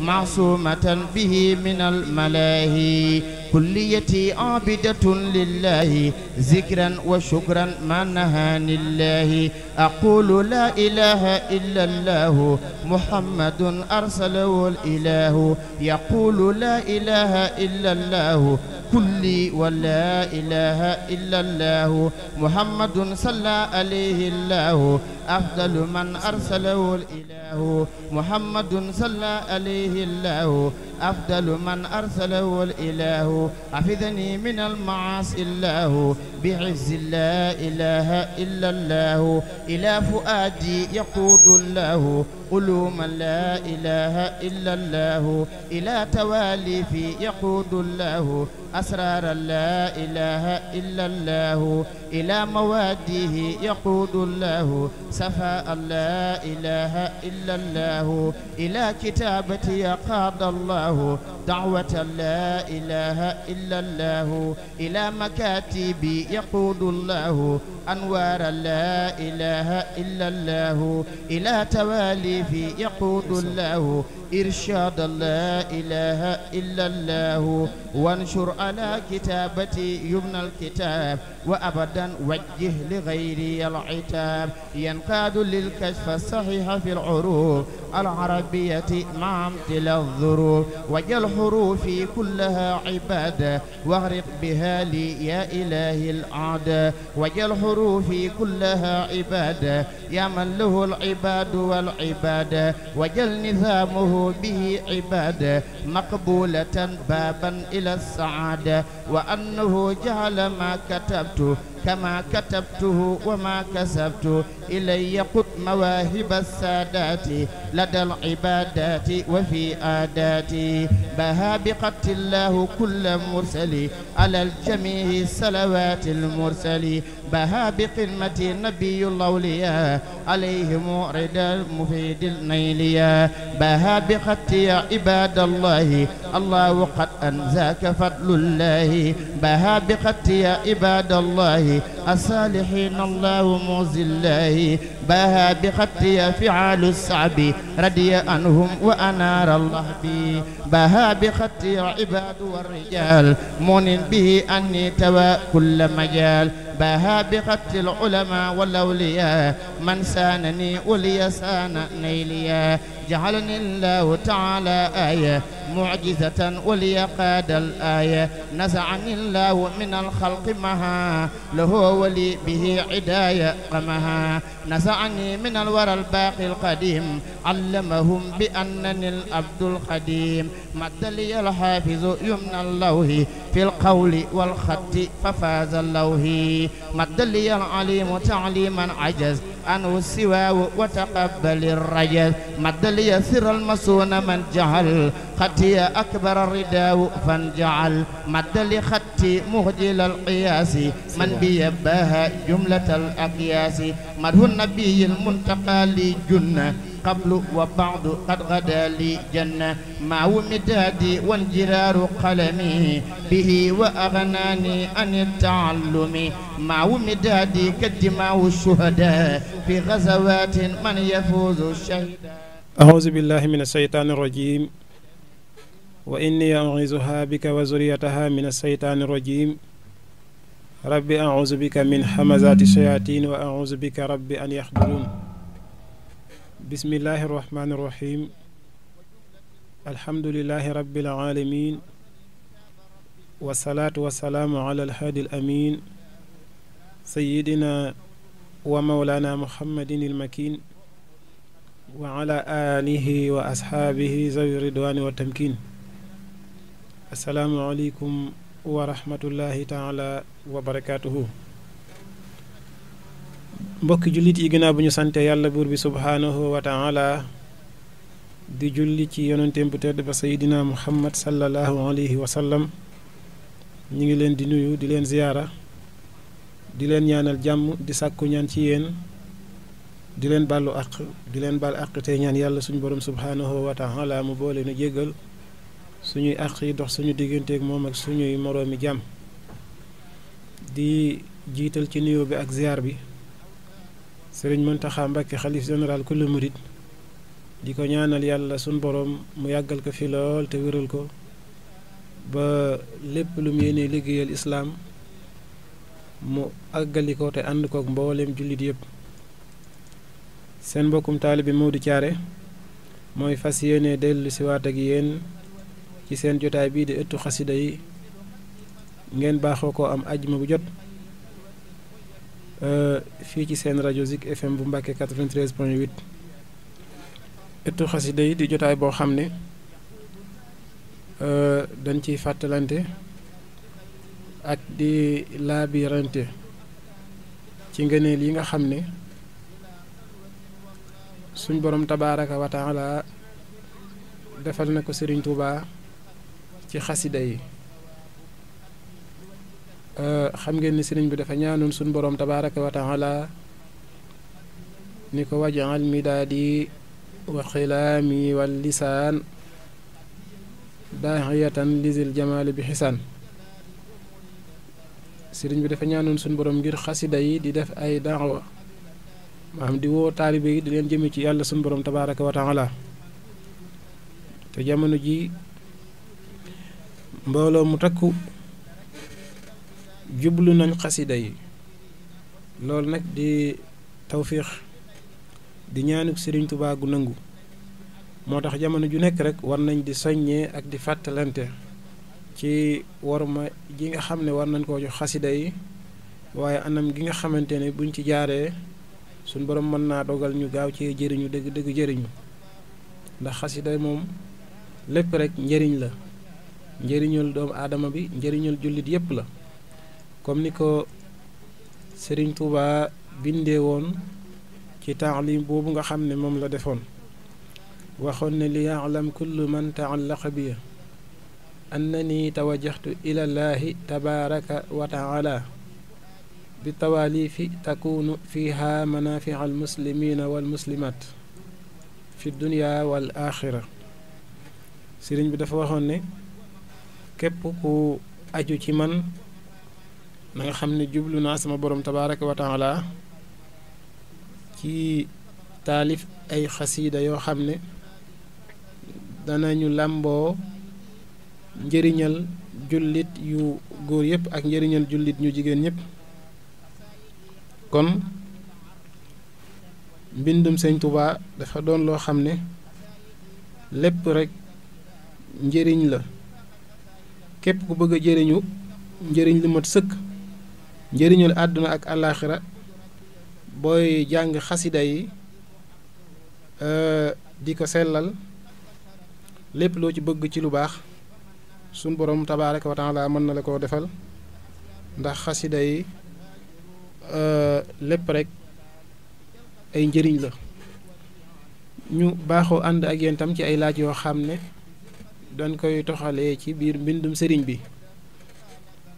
معصومة به من الملاهي كليتي عابدة لله ذكرا وشكرا ما نهاني الله أقول لا إله إلا الله محمد أرسله الإله يقول لا إله إلا الله كلي ولا إله إلا الله محمد صلى عليه الله أفضل من أرسله الإله محمد صلى عليه الله أفضل من أرسله الإله حفظني من المعاصي الله بعز لا إله إلا الله إلى فؤادي يقود الله علوم لا إله إلا الله إلى تواليفي يقود الله أسرار لا إله إلا الله إلى مواده يقود الله سفاء لا إله إلا الله إلى كتابة يقاد الله دعوة لا إله إلا الله إلى مكاتب يقود الله أنوار لا إله إلا الله إلى تواليف يقود الله إرشاد لا إله إلا الله وانشر على كتابتي يمنى الكتاب وأبدا وجه لغيري العتاب ينقاد للكشف الصحيح في العروف العربية مع امتلا الظروف وجل حروفي كلها عبادة واغرق بها لي يا إله الأعداء وجه حروفي كلها عبادة يا من له العباد والعبادة وجل نظامه به عبادة مقبولة بابا إلى السعادة وأنه جعل ما كتبته كما كتبته وما كسبت إلي قد مواهب السادات لدى العبادات وفي آداتي بها بقت الله كل مرسل على الجميع صلوات المرسل بها بقمة نبي الأولياء عليهم مورد المفيد النيليا بها بخط يا عباد الله الله قد أنزاك فضل الله بها بخط يا عباد الله الصالحين الله موزي الله بها بخط يا فعال الصعب رضي عنهم وأنار الله بي بها بخط يا عباد والرجال من به أني توا كل مجال بها بقتل العلماء والأولياء من سانني أولي سان نيليا جعلني الله تعالى آية معجزة وليقاد الآية نزعني الله من الخلق مها له ولي به عداية قمها نزعني من الورى الباقي القديم علمهم بأنني الأبد القديم مد لي الحافظ يمنى الله في القول والخط ففاز اللوه مد لي العليم تعليما عجز عنه السوى وتقبل الرجاء مد ليسر المسون من جهل خطي أكبر الرداء فانجعل مد لختي مهجل القياس من بيباها جملة الأقياس مده النبي المنتقى لجنة قبل وبعض قد غدا لي جنة مع مدادي وانجرار قلمي به وأغناني عن التعلم مع مدادي كدماء الشهداء في غزوات من يفوز الشهيد أعوذ بالله من الشيطان الرجيم وإني أعوذها بك وزريتها من الشيطان الرجيم ربي أعوذ بك من حمزات الشياطين وأعوذ بك ربي أن يحضرون بسم الله الرحمن الرحيم الحمد لله رب العالمين والصلاة والسلام على الهادي الأمين سيدنا ومولانا محمد المكين وعلى آله وأصحابه ذوي الرضوان والتمكين السلام عليكم ورحمة الله تعالى وبركاته mbokki julliti iginaa bu ñu sante yàlla buur bi subhanahu wa taala di julli ci yonanteem bu tedd ba sayidina muhammad salallahu alayhi wa sallam ñi ngi leen di nuyu di leen ziyaara di leen ñaanal jàmm di sàkku ñaan ci yéen di leen bàllu àq di leen bàll àq te ñaan yàlla suñu borom subhanahu wa taala mu boole nu jégal suñuy àq yi dox suñu digganteeg moom ak suñuy moroomi jàmm di jiital ci nuyu bi ak ziyaar bi sëriñ Muntaxa Mbàkke xalif général kullu murit di ko ñaanal yàlla sun boroom mu yàggal ko fi lool te wéral ko ba lépp lu mu yéenee liggéeyal islaam mu àggali ko te ànd kook mbooleem jullit yépp seen mbokkum bi taalibe di caare mooy fas yéene dellu siwaat ak yéen ci seen jotaay bii di ëttu xasida yi ngeen baaxoo ko am àjjuma bu jot Euh, fii ci seen rajo Zik FM bu Mbàkke 93.8 ëttu xasida yi di jotaay boo xam ne euh, dañ ciy fàttalante ak di laabirante ci ngëneel yi nga xam ne suñ boroom tabaaraka wa taala defal na ko Serigne Touba ci xasida yi. Eh, xam ngeen ni sëriñ bi dafa ñaanoon suñu borom tabaraka wa taala ni ko wajal daadi wa xilaami wal lisaan daahiyatan lisil jamaali bi xisaan sëriñ bi dafa ñaanoon suñu borom ngir xasida yi di def ay daawa maam di woo taalibe yi di leen jëme ci yàlla suñu borom tabaraka wa taala te jamono ji mbooloo mu takku jublu nañ xasida yi loolu nag di tawfiix di ñaanuk sëriñ Tuubaa gu nangu moo tax jamono ju nekk rek war nañ di soññee ak di fàttalante ci warma ji nga xam ne war nañ koo xasida yi waaye anam gi nga xamante ne buñ ci jaaree suñ borom mën naa dogal ñu gaaw ci jëriñu dëgg dëgg jëriñu ndax xasida moom lépp rek njëriñ la njëriñul doomu aadama bi njëriñul jullit yépp la comme niko Serigne Touba bindé won ci ta'lim bobu nga xamné mom la defon waxon ne li ya'lam kullu man taallaqa bi annani tawajjahtu ila allah tabaraka wa taala bi tawalifi takunu fiha manafi' al muslimina wal muslimat fi dunya wal akhirah serigne bi dafa waxoon ne képp ku aju ci man na nga xam ne jublu naa sama boroom tabaaraka wa taala ci taalif ay xasiida yoo xam ne danañu làmboo njëriñal jullit yu góor yëpp ak njëriñal jullit ñu jigéen ñëpp kon mbindum sëñ Tuubaa dafa doon loo xam ne lépp rekk njëriñ la képp ku bëgg a jëriñu njëriñ lu mat sëkk njëriñul àdduna ak àllaaxira booy jàng xasida yi euh, di ko sellal lépp loo ci bëgg ci lu baax suñ borom tabaaraka wa taala mën na la koo defal ndax xasida yi euh, lépp rek ay njëriñ la ñu baaxoo ànd ak yéen ci ay laaj yoo xam ne dañ koy toxalee ci biir mbindum sëriñ bi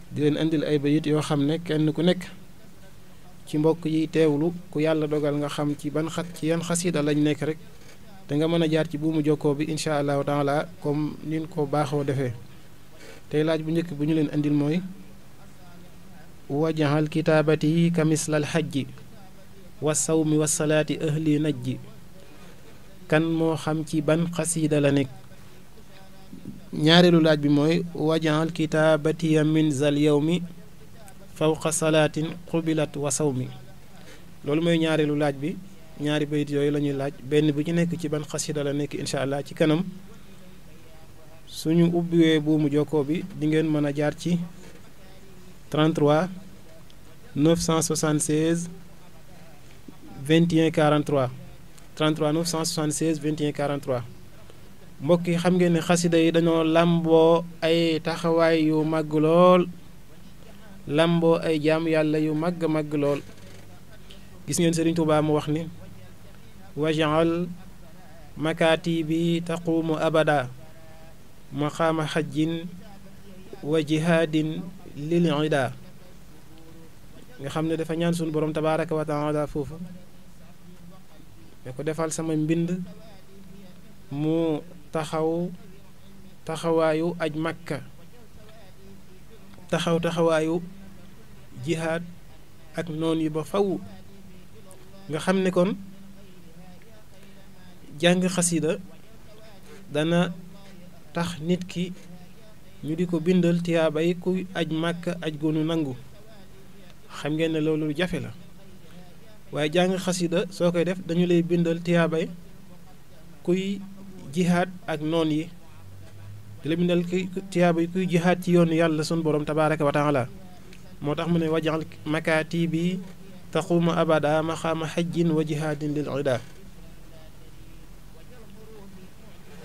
di leen indil ay bayit yoo xam ne kenn ku nekk ci mbokk yi teewlu ku yàlla dogal nga xam ci ban xat ci yan xasida lañ nekk rek da nga mën a jaar ci buumu jokkoo bi insha allahu taala comme nin ko baaxoo defee tey laaj bu njëkk bu ñu leen indil mooy wajaxal kitaabati ka mislal xajji wa sawmi wa salaati ahli najji kan moo xam ci ban xasida la nekk ñaareelu laaj bi mooy wajaal kitaabatiya min zal mi fawqa salaatin qubilat wa sawmi loolu mooy ñaareelu laaj bi ñaari bayit yooyu la ñuy laaj benn bi ci nekk ci ban xasida la nekk incha allah ci kanam suñu ubbiwee buumu jokkoo bi di ngeen mën a jaar ci 33 976 21 43 33 mbokk yi xam ngeen ne xasida yi dañoo làmboo ay taxawaay yu màgg lool làmboo ay jaamu yàlla yu màgg màgg lool gis ngeen Sëriñ Tuubaa mu wax ni wajaal makaati bi taquumu abada maqaama xajjin wa jihaadin lil ida nga xam ne dafa ñaan suñu borom tabaaraka wa taala foofu da ko defal sama mbind mu taxaw taxawaayu aj màkka taxaw taxawaayu jihaad ak noon yi ba faw nga xam ne kon jàng xasida dana tax nit ki ñu di ko bindal tiyaabay kuy aj màkka aj gonu nangu xam ngeen ne loolu jafe la waaye jàng xasida soo koy def dañu lay bindal tiyaabay kuy jihad ak non yi di la bindal kuy tiyaaba yi kuy jihaad ci yoonu yàlla sun borom tabaaraka wa taala motax mu ne bi taxuma abada maxaama hajjin wa jihadin lil ida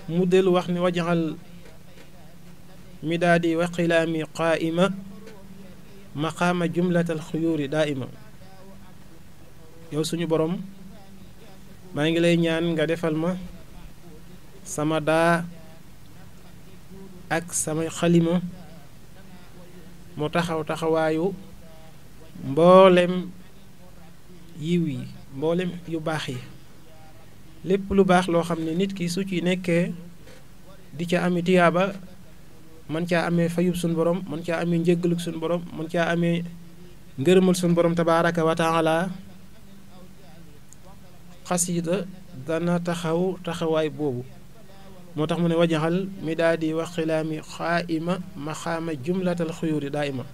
mu dellu wax ni wajaal midadi wa xilaami qaa'ima maqaama jumlatal xuyuuri da'ima yow suñu borom maa ngi lay ñaan nga defal ma sama daa ak samay xalima mu taxaw taxawaayu mboolem yiw yi mboolem yu baax yi lépp lu baax loo xam ne nit ki su ci nekkee di ca ami tiyaaba man caa amee fayub suñ borom man caa amee njëggalug suñ borom man caa amee ngërëmal suñ borom tabaaraka wa taala xasida dana taxaw taxawaay boobu moo tax mu ne wajaxal mi daal di wax xilaami xaa ima maxaama jumlatal xuyuri daa ima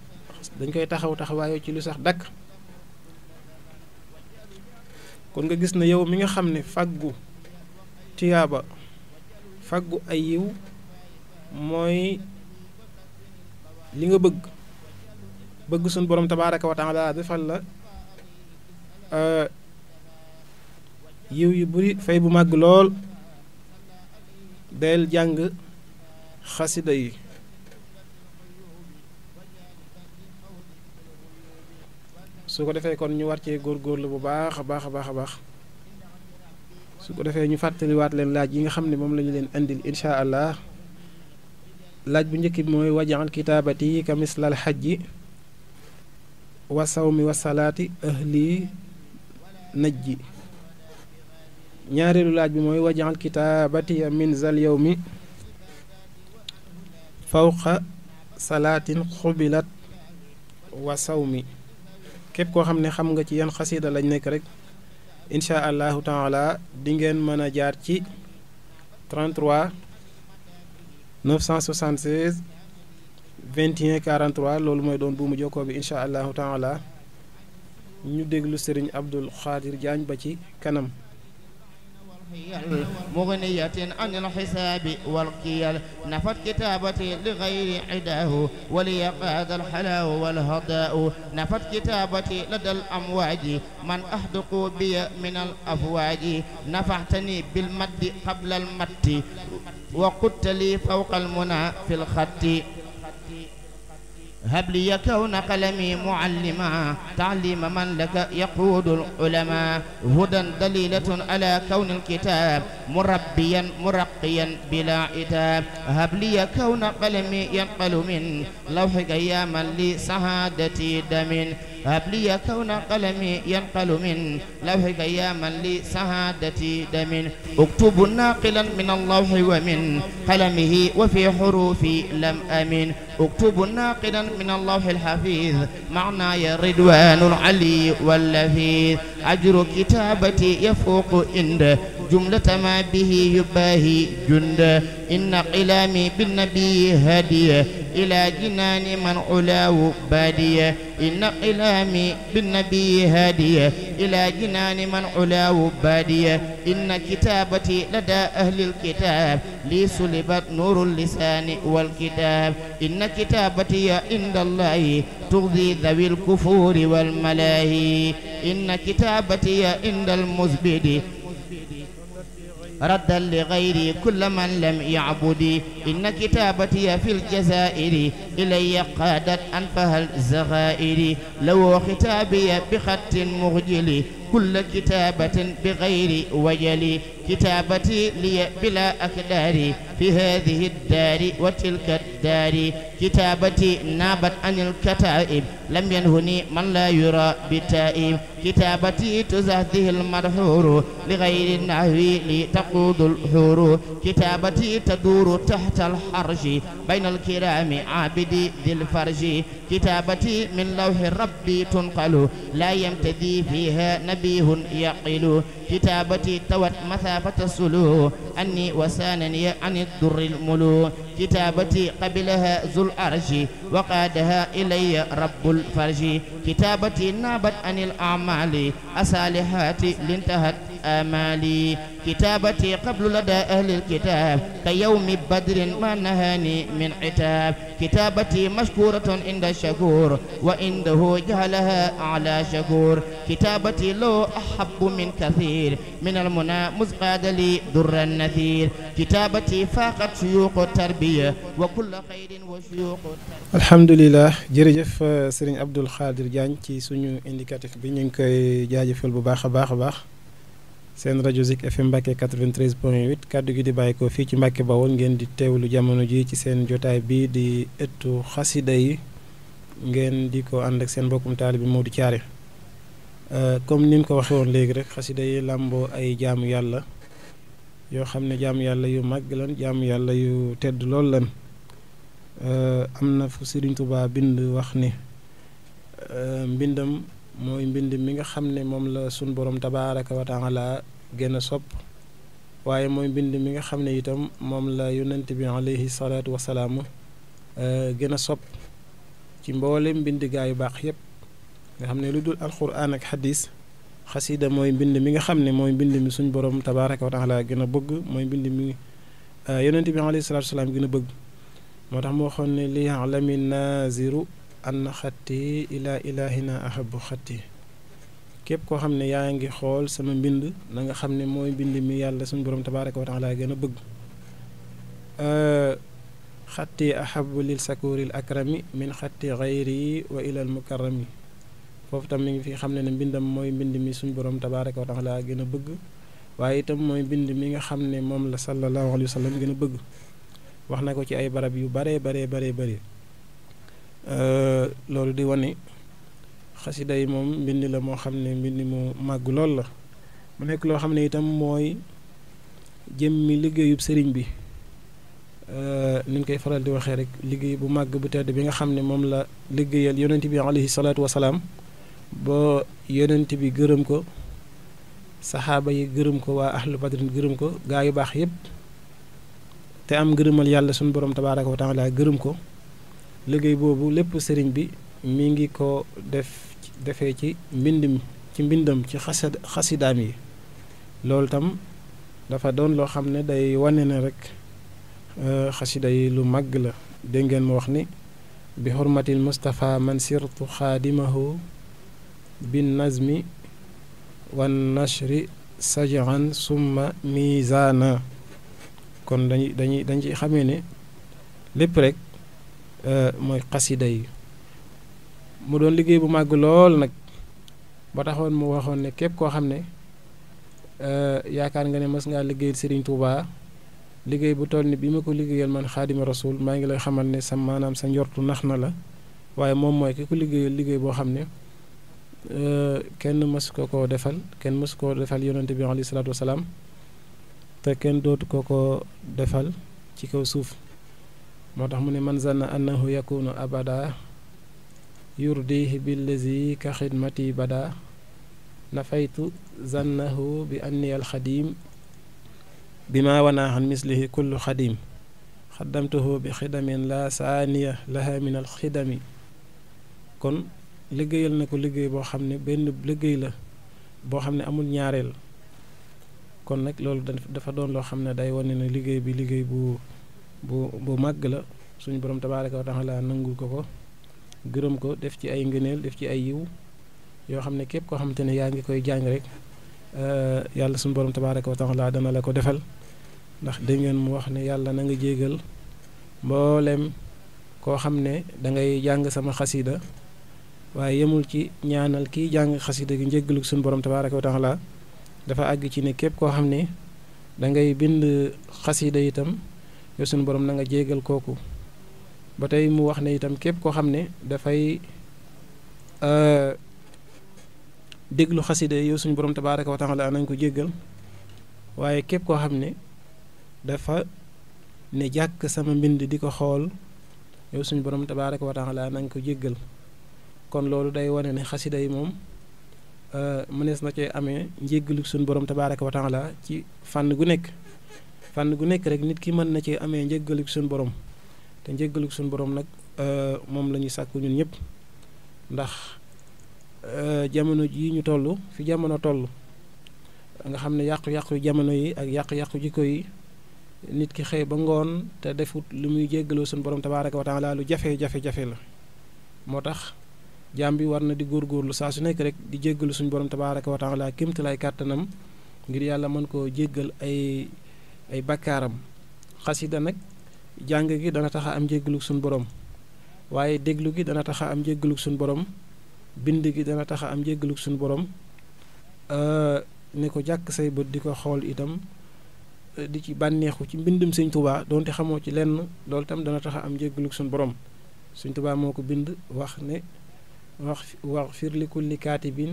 dañ koy taxaw taxawaayoo ci lu sax dakk kon nga gis na yow mi nga xam ne fàggu tiyaaba fàggu ay yiw mooy li nga bëgg bëgg suñ borom tabaaraka wa taala defal la euh, yiw yi bari fay bu màgg lool del jàng xasida yi su ko defee kon ñu war cee góorgóorlu bu baax a baax a baax a baax su ko defee ñu fàttaliwaat leen laaj yi nga xam ne moom la ñu leen indil incha allah laaj bu njëkk bi mooy wajaxal kitaabati ka mislal xajji wa sawmi wa salaati ahli najji ñaareelu laaj bi mooy wajaal kitaabati min zal yawmi fawqa salaatin xubilat wa sawmi képp koo xam ne xam nga ci yan xasida lañ nekk rek incha allahu taala di ngeen mën a jaar ci 33 976 21 43 loolu mooy doon buumu jokkoo bi incha allahu taala ñu déglu Serigne Abdul Xaadir Jaañ ba ci kanam مغنية عن الحساب والقيل نفت كتابتي لغير عداه ولي قاد الحلاو والهداء نفت كتابتي لدى الأمواج من أحدق بي من الأفواج نفعتني بالمد قبل المد وقدت لي فوق المنى في الخط هب لي كون قلمي معلما تعليم من لك يقود العلماء هدى دليلة على كون الكتاب مربيا مرقيا بلا عتاب هب لي كون قلمي ينقل من لوحك يا من لسعادتي دم أبلي كون قلمي ينقل من لوحك يا من لسعادتي دم اكتب ناقلا من الله ومن قلمه وفي حروفي لم أمن اكتب ناقلا من الله الحفيظ معناي الردوان العلي واللفيذ أجر كتابتي يفوق عند جملة ما به يباهي جند إن قلامي بالنبي هادية إلى جنان من علاه بادية إن قلامي بالنبي هادية إلى جنان من علاه بادية إن كتابتي لدى أهل الكتاب لي سلبت نور اللسان والكتاب إن كتابتي عند الله تغذي ذوي الكفور والملاهي إن كتابتي عند المزبد ردا لغيري كل من لم يعبدي إن كتابتي في الجزائر إلي قادت أنفها الزغائر لو ختابي بخط مغجلي كل كتابة بغير وجلي كتابتي لي بلا أكدار في هذه الدار وتلك الدار كتابتي نابت عن الكتائب لم ينهني من لا يرى بتائب كتابتي تزهده المرحور لغير النهو لتقود الحور كتابتي تدور تحت الحرج بين الكرام عابدي ذي الفرج كتابتي من لوح ربي تنقل لا يمتدي فيها نبيه يقل كتابتي توت مثابة السلو أني وسانني عن الدر الملو كتابتي قبلها ذو الأرج وقادها إلي رب الفرج كتابتي نابت عن الأعمال أصالحات لانتهت آمالي كتابتي قبل لدى أهل الكتاب كيوم بدر ما نهاني من عتاب كتابتي مشكورة عند الشكور وعنده جهلها على شكور كتابتي لو أحب من كثير من المنى مزقاد لي در النثير كتابتي فاقت شيوخ التربية وكل خير وشيوخ التربية الحمد لله جرجف سرين عبد الخادر جانتي سنو إنديكاتيك بنينك جاجف البباخ باخ باخ seen rajo Zik FM Mbacke 93 point 8 kàddu gi di bàyyeekoo fii ci Mbacke Bawol ngeen di teewlu jamono ji ci seen jotaay bii di ëttu xasida yi ngeen di ko ànd ak seen mbokkum taalibe bi Modou Thiaré euh, comme ni ñu ko waxee woon léegi rek xasida yi làmboo ay jaamu yàlla yoo xam ne jaamu yàlla yu màgg lan jaamu yàlla yu tedd lool lan euh, am na fu Serigne Touba bind wax ni euh, mbindam. mooy mbind mi nga xam ne moom la sun borom tabaaraka wa taala gën a sopp waaye mooy mbind mi nga xam ne itam moom la yonent bi alayhi salaatu wasalaam gën a sopp ci mboole mbind gaa yu baax yépp nga xam ne lu dul alquran ak xadis xasida mooy mbind mi nga xam ne mooy mbind mi suñ borom tabaaraka wa taala gën a bëgg mooy mbind mi yonent bi alayhi salaatu wasalaam gën a bëgg moo tax moo waxoon ne li ya'lami naziru ان خطي الى الهنا احب خطي كيف كو خامني ياغي خول سمن بند نغا خامني موي بند مي يالا سن بروم تبارك وتعالى غنا بوغ ا أه، خطي احب للسكور الاكرم من خطي غيري والى المكرم فوف تام نغي في خامني بندم موي بند مي سن بروم تبارك وتعالى غنا بوغ waye itam moy bind mi nga xamne mom la sallallahu alaihi wasallam gëna bëgg wax na ko ci ay barab Euh, loolu di wane xasida yi moom mbind la moo xam ne mbind mu màgg lool la mu nekk loo xam ne itam mooy mi liggéeyub sëriñ bi euh, ni ñu koy faral di waxee rek liggéey bu màgg bu tedd bi nga xam ne moom la liggéeyal yonent bi alayhi salaatu wasalaam ba yonent bi gërëm ko saxaaba yi gërëm ko waa ahlu badrin gërëm ko gaa yu baax yëpp te am gërëmal yàlla suñu borom tabaaraka wa taala gërëm ko liggéey boobu lépp sëriñ bi mi ngi ko def defee ci mbindim ci mbindam ci xasa xasidaam yi loolu tam dafa doon loo xam ne day wane ne rek xasida yi lu màgg la dégg ngeen ma wax ni bi xurmatil Mustapha man sirtu xaadimahu bin nazmi wan nashri sajan summa mizaana kon dañuy dañuy dañ ci xamee ne lépp rek Euh, mooy xas yi day mu doon liggéey bu màgg lool nag ba taxoon mu waxoon ne képp koo xam ne euh, yaakaar nga ne mas ngaa liggéeyal Serigne Touba liggéey bu toll ni bi ma ko liggéeyal man xaadima rasul maa ngi lay xamal ne sa maanaam sa njortu nax na la waaye moom mooy ki ko liggéeyal liggéey boo xam ne euh, kenn mësu ko koo defal kenn mësu koo defal yonante bi alayhi salaatu wasalaam te kenn dootu ko ko defal ci kaw suuf moo tax mu ne man zanna annahu yakunu abada yurdihi billazi ka xidmati bada nafaytu zannahu bi anni khadim bima wana an mislihi kullu khadim xaddamtuhu bi xidamin la saaniya laha min khidami kon liggéeyal na ko liggéey boo xam ne benn liggéey la boo xam ne amul ñaareel kon nag loolu dafa doon loo xam day wane ne liggéey bi liggéey bu bu bu màgg la suñu borom tabaaraka wa taala nangul ko ko gërëm ko def ci ay ngëneel def ci ay yiw yoo xam ne képp koo xamante ne yaa ngi koy jàng rek euh, yàlla suñu borom tabaaraka wa taala dana ko defal ndax dégg mu wax ne yàlla na nga jégal mboolem koo xam ne dangay jàng sama xasida waaye yemul ci ñaanal kiy jàng xasida gi njéggalu suñu borom tabaaraka wa laa dafa àgg ci ne képp koo xam ne da ngay bind xasida itam yow suñu borom na nga jéegal kooku ba tey mu wax ne itam képp koo xam ne dafay euh, déglu xasida yow suñu borom tabaaraka wa taala nañ ko jéggal waaye képp koo xam ne dafa ne jàkk sama mbind di ko xool yow suñu borom tabaaraka wa taala nañ ko jéggal kon loolu day wane ne xasida yi moom euh, mënees na cee amee njéggalu suñu borom tabaaraka wa taala ci fànn gu nekk fànn gu nekk rek nit ki mën na ci amee njëggaluk sun borom te njëggaluk sun borom nag euh, moom la ñuy sàkku ñun ñëpp ndax euh, jamono jii ñu toll fi jamono toll nga xam ne yàqu-yàqu jamono yi ak yàqu-yàqu jikko yi nit ki xëy ba ngoon te defut lu muy jéggaloo suñu borom tabarak wa taala lu jafe-jafe-jafe la moo tax jaam bi war na di góorgóorlu saa su nekk rek di jéggalu suñu borom tabarak wa taala kémtalaay kàttanam ngir yàlla mën koo jéggal ay ay bakkaaram xasida nag jàng gi dana taxa am njéggalug suñ boroom waaye déglu gi dana taxa am njéggalug suñ borom bind gi dana taxa am njéggalug suñ borom ne ko jàkk say bët di ko xool itam di ci bànneexu ci mbindum sëñ tubaa donte xamoo ci lenn loolu tam dana taxa am njéggalug suñ borom suñ tubaa moo ko bind wax ne wax wax fir kulli kaatibin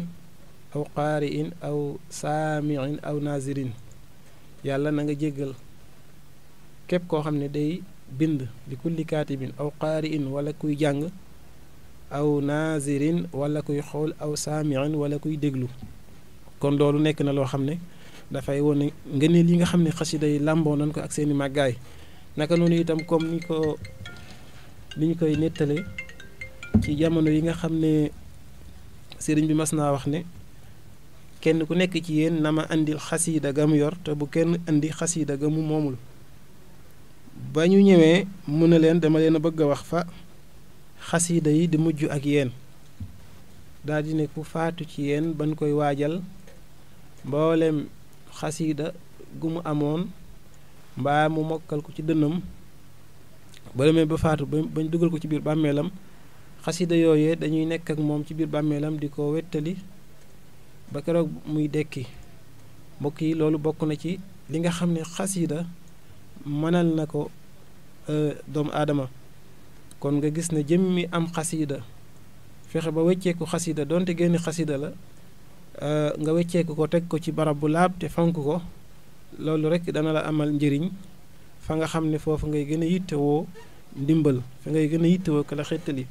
aw qaariin aw saamiin aw naazirin yàlla na nga jéggal képp koo xam ne day bind li kulli kaatibin aw qaari'in wala kuy jàng aw naazirin wala kuy xool aw saami'in wala kuy déglu kon loolu nekk na loo xam ne dafay wone ngëneel yi nga xam ne xasida yi làmboo nañ ko ak seeni màggaay naka noonu itam comme ni ko li ñu koy nettale ci jamono yi nga xam ne sëriñ bi mas naa wax ne kenn ku nekk ci yéen na ma indil xasiida ga mu yor te bu kenn andi xasiida ga mu moomul ba ñu ñëwee mu ne leen dama leen a bëgg a wax fa xasiida yi di mujj ak yéen daldi ne ku faatu ci yéen ban koy waajal mboolem xasiida gu mu amoon mbaa mu mokkal ko ci dënnam ba demee ba faatu bañ dugal ko ci biir bàmmeelam xasiida yooyee dañuy nekk ak moom ci biir bàmmeelam di ko wettali ba keroog muy dekki mbokk yi loolu bokk na ci li nga xam ne xasiida mënal na ko euh, doomu aadama kon nga gis ne jëmmi am xasiida fexe ba wecceeku xasiida donte génn xasiida la euh, nga wecceeku ko teg ko ci barab bu laab te fonk ko loolu rek dana la amal njëriñ fa nga xam ne foofu ngay gën a yittewoo ndimbal fa ngay gën a yittewoo ka la xettali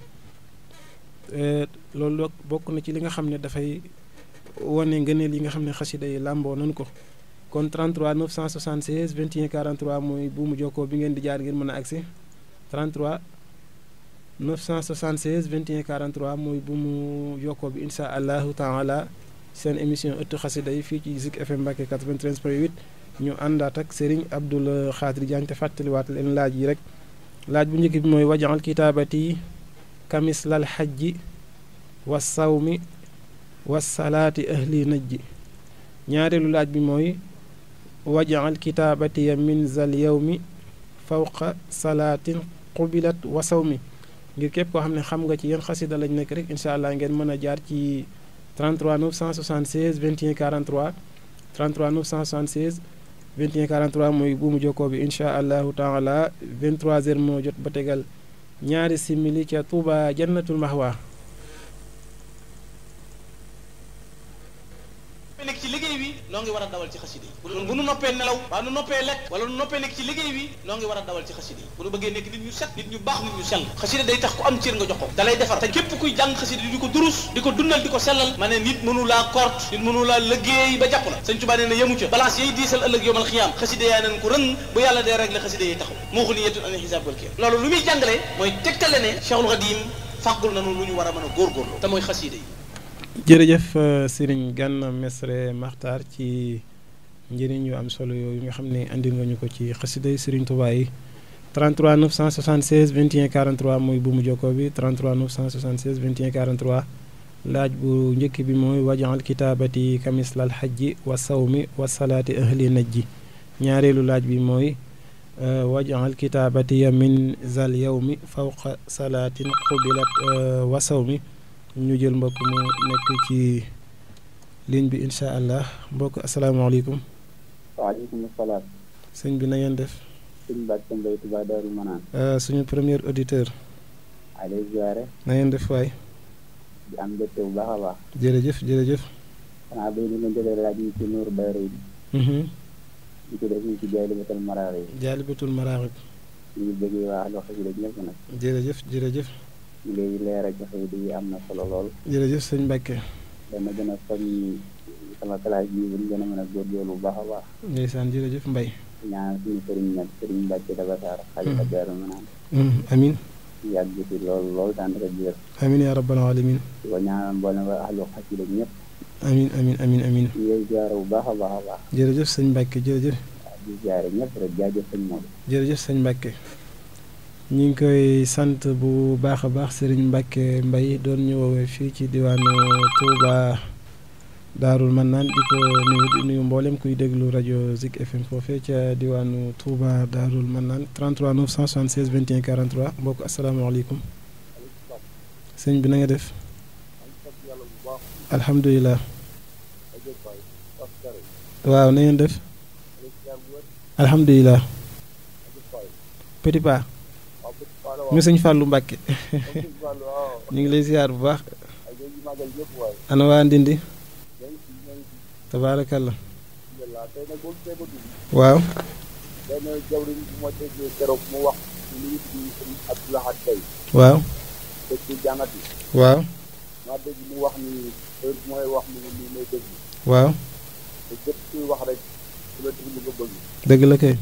euh, loolu bokk na ci li nga xam ne dafay wone ngëneel yi nga xam ne xasida yi làmboo nañ ko kon 33 976 21 43 mooy bu mu jokkoo bi ngeen di jaar ngeen mën a agsi 33 976 21 43 mooy bu mu jokkoo bi insha allahu taala seen émission ëttu xasida yi fii ci Zik FM bàkke 93.8 ñu àndaat ak Serigne Abdoul Khadir Diagne te fàttaliwaat leen laaj yi rek laaj bu njëkk bi mooy wajaxal kitaabati kamis lal xajji wa sawmi wasalaati ahli najji ñaareelu laaj bi mooy wajaal kitaabatiya min zal yawmi fawqa salaatin qubilat wa sawmi ngir képp koo xam ne xam nga ci yan xasida lañ nekk rek incha allah ngeen mën a jaar ci 33 976 21 43 33 976 21 43 mooy buumu jokkoo bi incha allahu taala 23h moo jot ba tegal ñaari simili ca Touba jannatul mahwa nekk ci liggéey bi noo ngi war a dawal ci xasida yi bu nu noppee nelaw waa nu noppee lekk wala nu noppee nekk ci liggéey bi noo ngi war a dawal ci xasida yi bu nu bëggee nekk nit ñu set nit ñu baax nit ñu sell xasida day tax ku am cër nga jox ko dalay defar te képp kuy jàng xasida di ko durus di ko dundal di ko sellal ma ne nit mënu kort nit mënu laa ba jàpp la sëñ Tuubaa na yemu balance yiy diisal ëllëg yomal xiyaam xasida moo a mën jërëjëf euh, Serigne Gana Mesre Maxtaar ci njëriñ yoo am solo yooyu nga xam ne indi nga ñu ko ci xasiday Serigne Touba yi 33 976 21 43 mooy bu mu jokkoo bi 33 976 21 43 laaj bu njëkk bi mooy wajaxal kitaabati kamislal xajji wa mi wa salaati ahli ji ñaareelu laaj bi mooy euh, wajaxal kitaabati min zal yawmi fawqa salaatin qubilat euh, wasaw sawmi ñu jël mbokk mu nekk ci ligne bi incha allah mbokk asalaamaaleykum. waaleykum salaam. sëñ bi na ngeen def. sëñ Mbacke Mbaye Touba Darou Manane. suñu premier auditeur. allez ziare. na ngeen def waay. di am mbégte bu baax a baax. jërëjëf jërëjëf. xanaa bay ñu ma jëlee laaj ñu ci Nour Bayrou bi. di ko def ñu ci Jaalibatul Maraaxib. Jaalibatul Maraaxib. ñu ngi bëgg waa Louga bi ñëpp nag. jërëjëf jërëjëf. léegi leeral ci xëy bi am na solo lool. jërëjëf sëñ Mbacke. dana gën a soññ sama classe bi bu ñu gën a mën a góorgóorlu bu baax a baax. ndeysaan jërëjëf Mbaye. ñaan suñu sëriñ nag sëriñ Mbacke dafa saar xalifa beeru mu naan. Mm-hmm. amiin. yàgg ci lool lool daan rek wér. amiin yaa rabbal alamin. wa ñaanal mboolem wa ahlu xasida ñëpp. amiin amiin amiin amiin. ñu ngi ziare bu baax a baax a baax. jërëjëf sëñ Mbacke jërëjëf. waaw di ziare ñëpp rek jaajëf sëñ Maodo. jërëjëf sëñ Mbacke. ñu ngi koy sant bu baax a baax sëriñ Mbacke mbay doon ñu fii ci diwaanu Touba Daarul Mannaan di ko nuyu di nuyu mboolem kuy déglu rajo Zik FM foofee ca diwaanu Touba Daarul Mannaan 33 976 21 43 mbokk asalaamaaleykum sëñ bi na nga def alhamdulilah waaw na ngeen def alhamdulilah ñu sëñ lu Mbacke ñu ngi lay ziar bu baax ana waa Ndindi tabaarakallah waaw. waaw. waaw. maa dégg mu wax ni wax ni lii may dégg. waaw. te wax rek la déglu nga dëgg la koy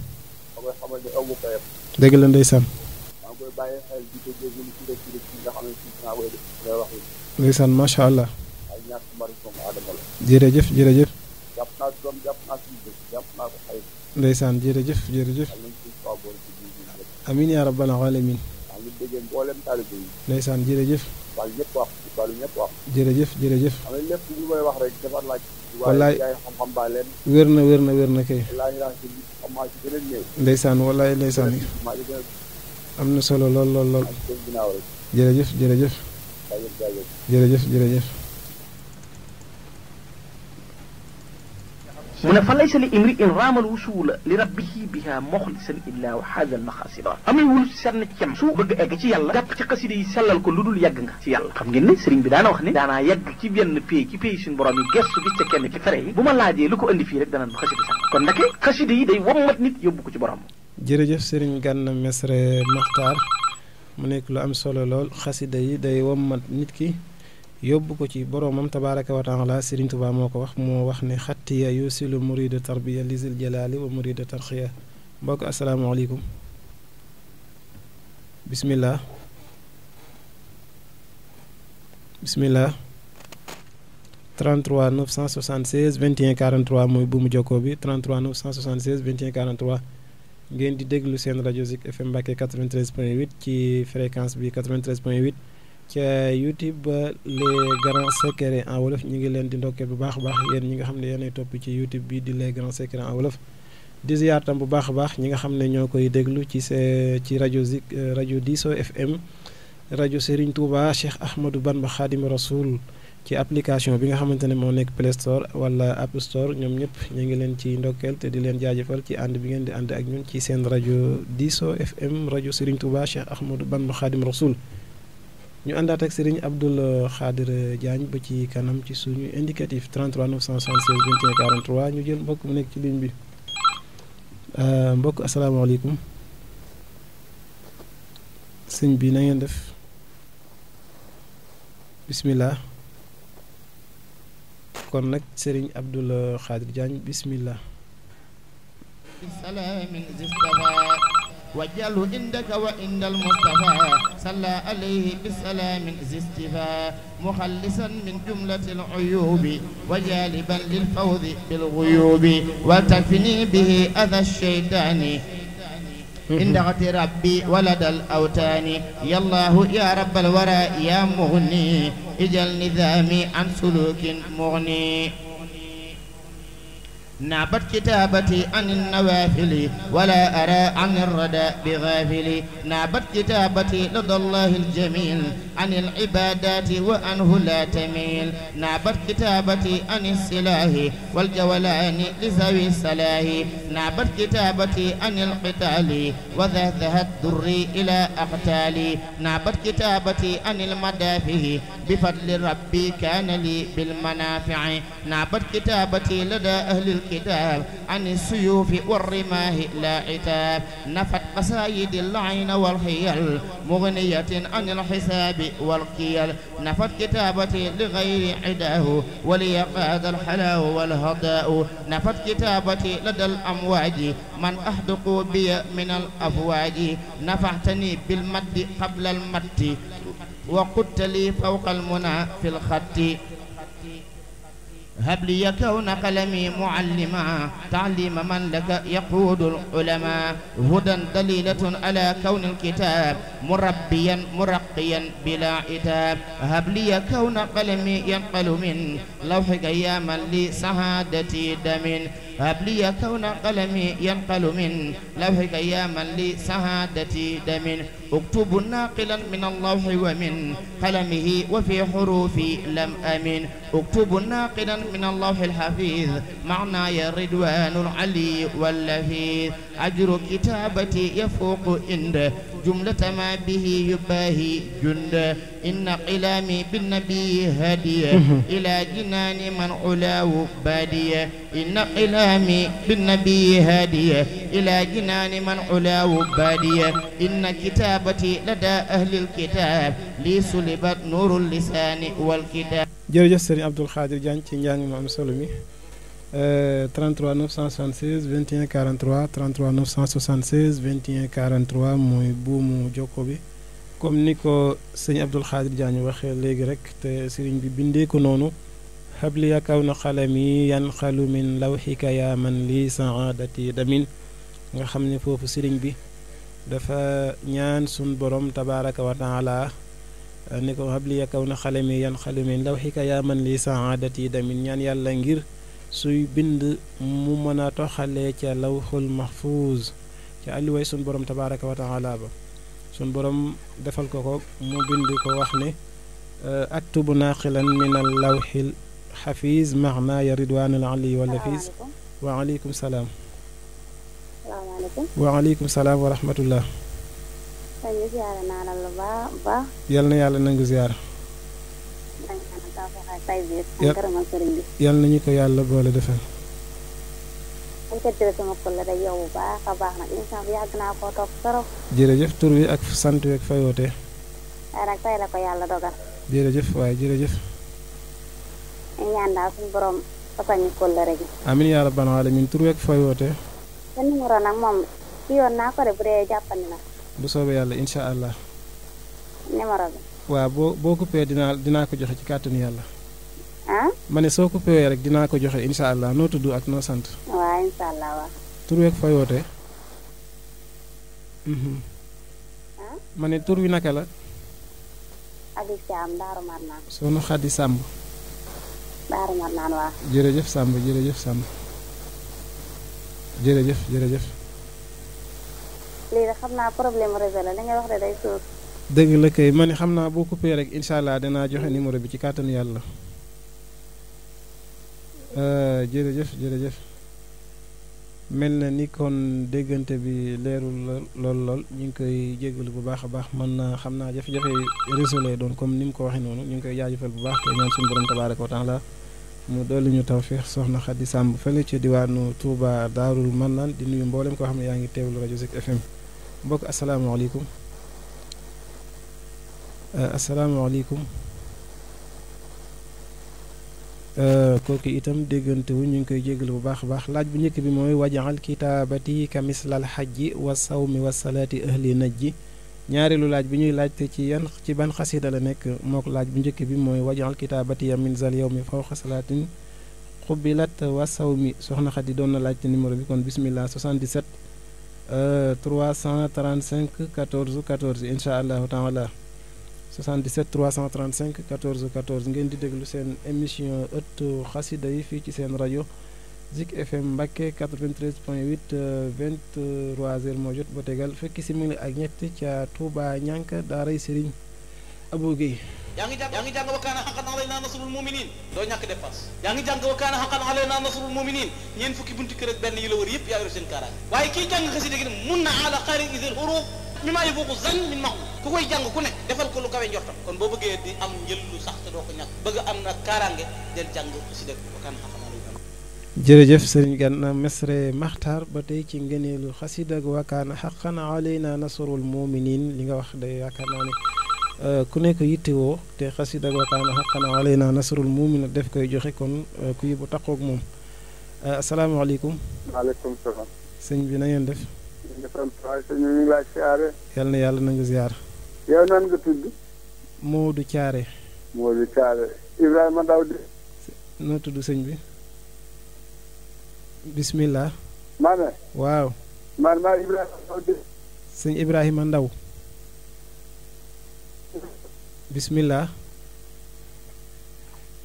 dëgg la ndeysaan. bàyyi xel di ko jégalu ci rek ci rek ci nga xam ne si dinaa koy def lay wax yi. ndeysaan macha allah. ay ñàkk mari doomu aadama la. jërëjëf jërëjëf. jàpp naa si doom jàpp naa si bés jàpp naa ko xayma. ndeysaan jërëjëf jërëjëf. amiin yaa rabbal alamin. maa ngi déggee mboolem taalibe yi. ndeysaan jërëjëf. waaw ñëpp wax waaw ñëpp wax. jërëjëf lépp lu may wax rek dafa laaj. wallaay yaay xam-xam baa leen. na wér na wér na kay. wallaay laa si xam maa am na solo lool lool lool jërëjëf jërëjëf jërëjëf jërëjëf من فليس لامرئ رام الوصول لربه بها مخلصا الا وهذا المقاصد amul wul sen cem su bëgg egg ci yàlla jàpp ci xasida yi sellal ko lu dul yegg nga ci yàlla xam ngeen ne sëriñ bi daana wax ne daanaa yegg ci benn pays ci pays suñu borom yi gestu gis ca kenn ci fere yi bu ma laajee lu ko indi fii rek danañ bu xasida sax kon ndake xasida yi day wommat nit yóbbu ko ci borom jërëjëf sëriñ Gana mesre Maxtaar mu nekk lu am solo lool xasida yi day wommat nit ki yóbbu ko ci boroomam tabaaraka wa taala sëriñ Tuubaa moo ko wax moo wax ne xattiya yusilu murida tarbiya lisil jalaali wa murida tarxiya mbokk asalaamaaleykum bismillah bismillah 33 976 21 43 mooy bu mu jokkoo bi 33 976 21 43 ngeen di déglu seen rajo Zik FM Mbacke 93.8 ci fréquence bi 93.8 ca YouTube ba les grands secrets en wolof ñu ngi leen di ndokkeel bu baax a baax ngeen ñi nga xam ne yéenay topp ci YouTube bi di les grands secrets en wolof di ziar bu baax a baax ñi nga xam ne ñoo koy déglu ci ci rajo Zik rajo Diso FM rajo Serigne Touba Cheikh Ahmadou Bamba Khadim Rasoul. ci application bi nga xamantene mo nek Play Store wala App Store ñom ñep ñi ngi leen ci ndokkel te di leen jaajeufal ci and bi ngeen di and ak ñun ci seen radio Diso FM radio Serigne Touba Cheikh Ahmed Bamba Khadim Rasoul ñu andat ak Serigne Abdoul Khadir Diagne ba ci kanam ci suñu indicatif 33 976 21 43 ñu jël mbokk mu nek ci ligne bi euh mbokk assalamu alaykum Serigne bi na ngeen def bismillah. kon nag sëriñ Abdul Xaadir Jaañ bismillah وجعله عندك وعند المصطفى صلى عليه بالسلام الاستفاء مخلصا من جملة العيوب وجالبا للفوز بالغيوب وتكفني به أذى الشيطان إن غت ربي ولد الأوتان يا الله يا رب الورى يا مغني اجل نظامي عن سلوك مغني نابت كتابتي عن النوافل ولا أرى عن الرداء بغافل نابت كتابتي لدى الله الجميل عن العبادات وأنه لا تميل نابت كتابتي عن السلاه والجولان لذوي السلاه نابت كتابتي عن القتال وذهذه دري إلى أقتالي نابت كتابتي عن المدافع بفضل ربي كان لي بالمنافع نابت كتابتي لدى أهل الكتاب عن السيوف والرماه لا عتاب نفت قصايد اللعين والخيل مغنية عن الحساب والقيل نفت كتابتي لغير عداه وليقاد الحلاو والهداء نفت كتابتي لدى الأمواج من أحدق بي من الأفواج نفعتني بالمد قبل المد وقدت لي فوق المنى في الخط هب لي كون قلمي معلما تعليم من لك يقود العلماء هدى دليلة على كون الكتاب مربيا مرقيا بلا عتاب هب لي كون قلمي ينقل من لوحك يا من لسعادتي دم هب لي كون قلمي ينقل من لوحك يا من لي سعادتي دم اكتب ناقلا من اللوح ومن قلمه وفي حروفي لم أمن اكتب ناقلا من اللوح الحفيظ معناي رضوان العلي واللفيظ أجر كتابتي يفوق إنده جملة ما به يباهي جند إن قلامي بالنبي هدية إلى جنان من علاه بادية إن قلامي بالنبي هدية إلى جنان من علاه بادية إن كتابتي لدى أهل الكتاب لي سلبت نور اللسان والكتاب جرجسري عبد الخادر جان تنجاني مع مسلمي 33 976 21 43 33 976 21 43 mooy buumu jokko bi comme ni ko sëñ Abdoul Xaadir Diagne waxee léegi rek te sëriñ bi bindee ko noonu xabliya kaw na xale mii yan xalu min lawxika yaa man lii li saadati damin nga xam ni foofu sëriñ bi dafa ñaan sun borom tabaraka wa taala ni ko xabliya kaw na xale xalami yan xalu min lawxika yaa man li saadati damin ñaan yàlla ngir suy bind mu mën a toxalee ca lawxul mahfuuz ca alliway sun borom tabaraka wa taala ba borom defal ko ko mu bind ko wax ne aktubu naaqilan min al lawxil xafiis maxna ya ridwaanul ali wal wa aleykum salaam wa aleykum salaam wa rahmatullah yal na yàlla nangu ziyaara yal nañu ko yàlla boole defal. jërëjëf tur bi ak sant bi ak fay waaye nag tey la ko yàlla dogal. jërëjëf waaye jërëjëf. ñu ñaan daal suñu borom fasañu kóllëre gi. amiin yaa rabbal aalamiin tur beeg fooy wootee. sa numéro nag moom kii yoon naa ko de bu dee jàppandi na. bu soobee yàlla incha allah. numéro bi. waaw boo boo coupé dinaa dinaa ko joxe ci kàttanu yàlla. Ah? ma ne soo coupé rek dinaa ko joxe incha allah noo tudd ak noo sant. waaw incha allah waaw. tur weeg fooy wootee. Mhm. Ah? ma ne tur wi naka la. Xadi Samb Daaru Marnaan. soxna Xadi Samb. Daaru Marnaan waaw. jërëjëf Samb jërëjëf jërëjëf jërëjëf. lii de xam naa problème réseau la li nga wax de day sóor. dëgg la kay ma ne xam naa boo coupé rek incha allah danaa joxe numéro bi ci kàttanu yàlla. Euh, jërëjëf jërëjëf mel na ni kon déggante bi leerul lool lool ñu ngi koy jégalu bu baax a baax mën naa euh, xam naa jafe-jafe réseau doon comme ni mu ko waxee noonu ñu ngi koy jaajëfal bu baax te ñaan suñu borom tabaaraka ko taala mu dolli ñu tawfeex soxna Xadi Sàmb fële ci diwaanu Touba Daarul Mannaan di nuyu mboolem koo xam ne yaa ngi teewlu rajo Zik FM mbokk asalaamaaleykum euh, asalaamaaleykum. kooku itam déggante wu ñu ngi koy jégal bu baax a baax laaj bu njëkk bi mooy wajaxal kitaabati kamislal xajji wa sawmi wa salaati ahli najji ñaareelu laaj bi ñuy laajte ci yan ci ban xasida la nekk mook laaj bu njëkk bi mooy wajaxal kitaabati ya min zal yawmi fawqa salaatin xubilat wa sawmi soxna xat yi doon na laajte numéro bi kon bismillah 77 335 14 14 incha allahu taala 77 335 14 14 ngeen di déglu seen émission ëttu xasida yi fii ci seen rajo Zik FM Mbacke 93.8 23h moo jot ba tegal fekki simili ak ñett ca Touba Ñanka daaray Serigne Abou Guèye. yaa ngi jàng yaa ngi jàng wa kaana xaqan alaynaa nasrul muminin doo ñàkk dépense yaa ngi jàng wa kaana xaqan alaynaa nasrul muminin ñeen fukki bunti kër ak benn yi la wër yëpp yaa yor seen kaaraange waaye kii jàng xasida gi mun na ala xayri isil huruf mi maa yóbbu zan min max ku koy jàng ku ne defal ko lu kawe njortam kon boo bëggee di am njël lu sax te doo ko ñàkk bëgg am na kaaraange del jàng ba kan xam jërëjëf sëriñ Gana Mesere Maxtaar ba tey ci ngëneelu xasida ak wakkaana xaqan alayna nasrul muminin li nga wax day yaakaar naa ne euh, ku nekk yittewoo te xasida ak wakkaana xaqan alayna nasrul muminin def koy joxe kon euh, ku yi bu taqoog moom euh, asalaamaaleykum. maaleykum salaam. sëñ bi na ngeen def. ñu ngi sant waaye na yàlla na nga ziar. yow nan nga tudd. Moodu Thiaré. Moodu Thiaré Ibrahima Daw di. noo tudd sëñ bi. bismillah. maa ne. waaw. man maa Ibrahima Ndaw di. sëñ Ibrahima Ndaw. bismillah.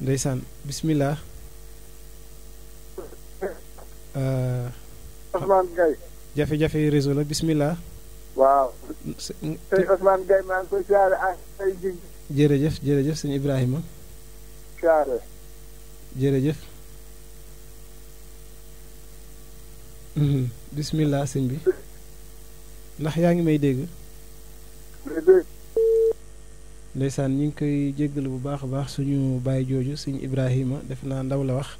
ndeysaan bismillah. jafe-jafe réseau la bisimilah. waaw. sëñ Ousmane Gueye maa ngi ah, jërëjëf jërëjëf sëñ Ibrahima. jërëjëf. Mhm, bisimilah sëñ bi. ndax yaa ngi may dégg. ndeysaan ñu ngi koy jéggalu bu baax a baax suñu baay jooju sëñ Ibrahima def naa ndaw la wax.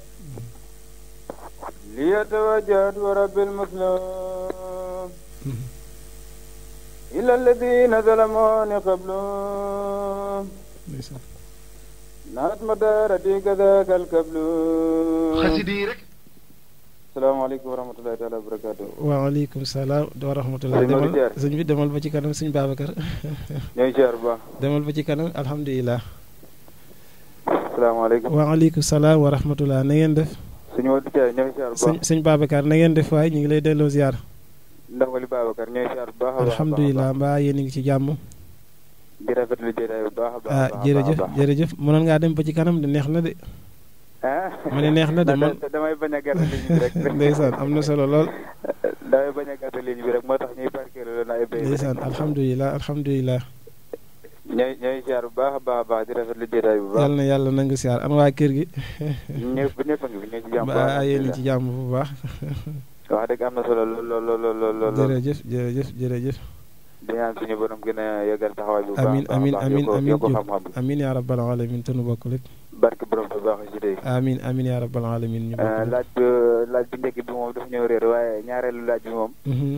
ليتوجهت ورب المسلم إلى الذين ظلموني قبلهم نهت مدارتي كذاك الكبل خسيدي رك salaamaaleykum wa rahmatulahi taala wa barakaatu. waaleykum salaam wa rahmatulah. demal sëñ bi demal ba ci kanam sëñ Babacar. ñoo ngi ziar bu baax. demal ba ci kanam alhamdulilah. salaamaaleykum. waaleykum salaam wa rahmatulah na ngeen def. suñu wàllu jaay ñooy ziar bu baax sëñ sëñ Babacar na ngeen def waay ñu ngi lay delloo ziar. ndawali Babacar ñooy ziar bu baax a ngi ci di ah jërëjëf jërëjëf mënoon ngaa dem ba ci kanam de neex na de. Ah? ma ne neex na de man damay bañ a gàttal rek. ndeysaan solo damay bi rek ay ñooy ñooy siyaar bu baax a baax a baax di rafetlu jotaay bu baax. yal na yàlla nangu siyaar am waa kër gi. ñëpp ñëpp ngi fi ñu ci jàmm. ba yéen a ci jàmm bu baax. wax dëgg am na solo lool lool lool lool lool. jërëjëf jërëjëf jërëjëf. di ñaan suñu borom gën a yëgal taxawaay bu baax. amiin amiin amiin amiin xam amiin yaa rabbal alamin te bokk lépp. barke borom bu baax si day. amiin amiin yaa rabbal alamin ñu ah, laaj bi laaj bi njëkk bi moom dafa ñëw réer waaye ñaareelu laaj bi moom. Mhm.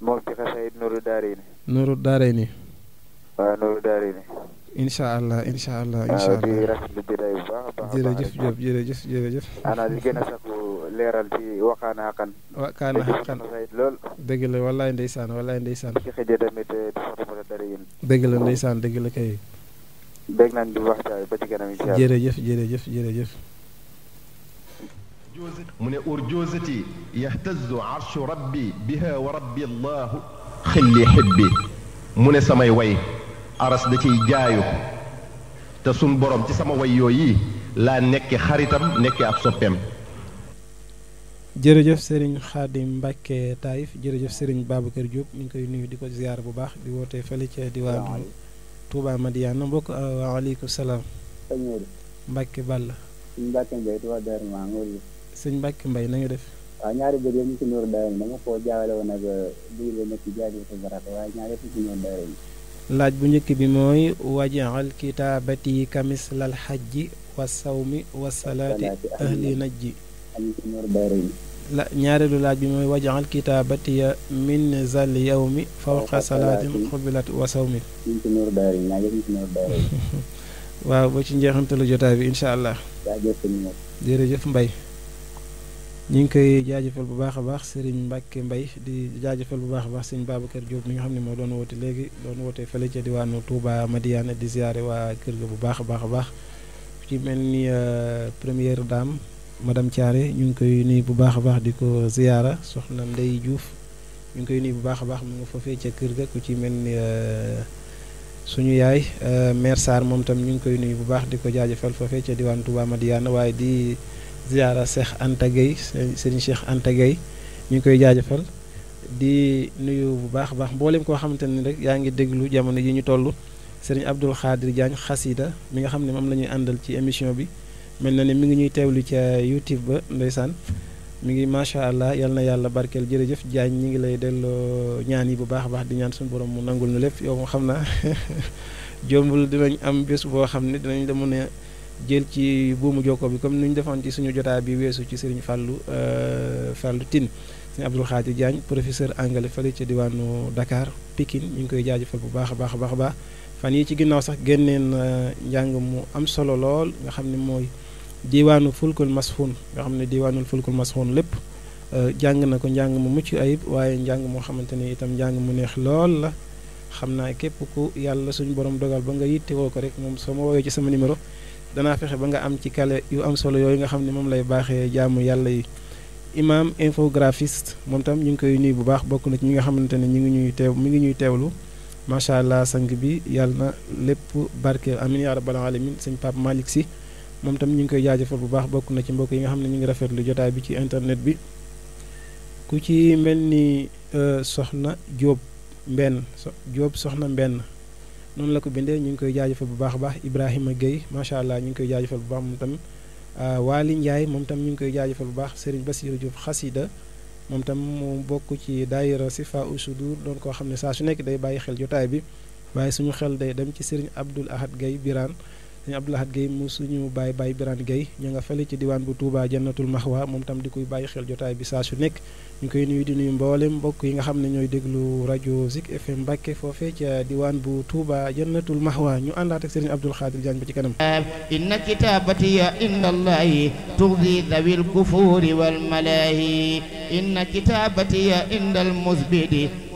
moom ci xasayid Nuuru Daarayni. Nuuru Daarayni. waaw Nourou Darayni. allah incha allah incha allah di rafetlu jotaay bu baax a baax. jërëjëf Diop jërëjëf jërëjëf. ana di leeral ci waxaana xaqan. waxaana xaqan ndeysaan wallaay ndeysaan. ci xëjee tamit eh, di soxla dégg nañ di waxtaan ba ci kanam incha allah. jërëjëf jërëjëf jërëjëf. mu ne urjuzati yahtazu arshu rabbi biha wa rabbi allahu xilli xibbi mu ne samay way. aras da ciy jaayu te sun borom ci sama way yooyu laa nekke xaritam nekke ab soppeem jërëjëf sëriñ Xaadim Mbàkke Taïf jërëjëf sëriñ kër Diop ñu ngi koy nuyu di ko ziar bu baax di wootee fële ca diwaanu Touba Madiana mbokk euh, waaleykum salaam Mbàkke Balla sëñ Mbàkke Mbay Touba Darma Ngor sëñ Mbàkke Mbay na nga def waaw ñaari bër yëpp ñu dama koo jaawale woon ak euh, dugub la nekk jaajëfal baraka waaye ñaari yëpp ñu ci nuur dayam laaj bu njëkk bi mooy wajaxal kitaabati kamis lal xajji wasaw mi wa salaati ahli najji la ñaareelu laaj bi mooy wajaxal kitaabati ya min zal yawmi fawqa salaatin xubilat wa sawmi waaw ba ci njeexantalu jotaay bi incha allah jërëjëf mbay ñu ngi koy jaajëfal bu baax a baax Serigne Mbacke mbay di jaajëfal bu baax a baax sëñ Babacar Diop mi nga xam ne moo doon woote léegi doon woote fële ca diwaanu Touba Madiane di ziare waa kër ga bu baax a baax a baax ci mel ni euh, première dame madame Thiaré ñu ngi koy nuyu bu baax a baax di ko ziara soxna Ndeye Diouf ñu ngi koy nuyu bu baax a baax mu ngi foofee ca kër ga ku ci mel ni euh, suñu yaay euh, mère Sarr moom tam ñu ngi koy nuyu bu baax di ko jaajëfal foofee ca diwaanu Touba Madiane waaye di. ziara Cheikh Anta Gueye Serigne Cheikh Anta Gueye ñu ngi koy jaajëfal di nuyu bu baax a baax mbooleem koo xamante ni rek yaa ngi déglu jamono yi ñu toll Serigne Abdoul Khadir Diagne xasida mi nga xam ne moom la ñuy àndal ci émission bi mel na ne mi ngi ñuy teewlu ca YouTube ba ndeysaan mi ngi macha allah yal na yàlla barkeel jërëjëf Diagne ñi ngi lay delloo ñaan yi bu baax a baax di ñaan suñu borom mu nangul nu lépp yow moom xam naa jombul dinañ am bés boo xam ne jël ci buumu joko bi comme nuñ ñu defoon ci suñu jotaay bi weesu ci Serigne euh fallu tin Serigne abdou khadi Diagne professeur anglais fali ci diwanu Dakar Pikine ñu ngi koy jaajëfal bu baax a baax a baax baax fan yi ci ginnaw sax euh, njàng mu am solo lool nga xam ne mooy fulkul masfun nga xam ne diwaanul fulkul masfun lépp euh, jàng na ko njàng mu mucc ayib waaye njàng moo xamante itam njàng mu neex lool la xam naa képp ku yàlla suñu borom dogal ba nga yittewoo ko rek moom soo ma ci sama numéro danaa fexe ba nga am ci kale yu am solo yooyu nga xam ni moom lay baaxee jaamu yàlla yi imam infographiste moom tam ñu ngi koy nuyu bu baax bokk na ñi nga xamante ne ñu ngi ñuy teew mi ngi ñuy teewlu macha allah sang bi yàlla na lépp barkeel amin yaa rabbal alamin sëñ Pape Malick si moom tam ñu ngi koy jaajëfal bu baax bokk na ci mbokk yi nga xam ne ñu ngi rafetlu jotaay bi ci internet bi ku ci mel ni euh, soxna Diop mbenn jóob soxna mbenn non la ko bindé ñu ngi koy jaajëfal bu baax baax Ibrahima Gueye macha allah ñu ngi koy jaajëfal bu baax mom tam Waali Ndiaye mom tam ñu ngi koy jaajëfal bu baax Serigne Bassirou Diouf khassida mom tam mu bokk ci daayira Sifa Usudur don ko xamne sa su nekk day bàyyi xel jotaay bi waaye suñu xel day dem ci Serigne abdul Ahad Gueye Birane sëñ Abdou Lahad Guèye mu suñu bàyyi bàyyi Birane Guèye ñu nga fële ci diwaan bu Touba Jannatul Mahwa moom tam di koy bàyyi xel jotaay bi saa su nekk ñu koy nuyu di nuyu mboolem mbokk yi nga xam ne ñooy déglu rajo Zik FM Mbàkke foofee ca diwaan bu Touba Jannatul Mahwa ñu àndaat ak sëriñ Abdoul Xaadir Diagne ba ci kanam inna kitabatiya inda allahi tuxdi dawil kufuri wal malaahi inna kitabatiya inda al musbidi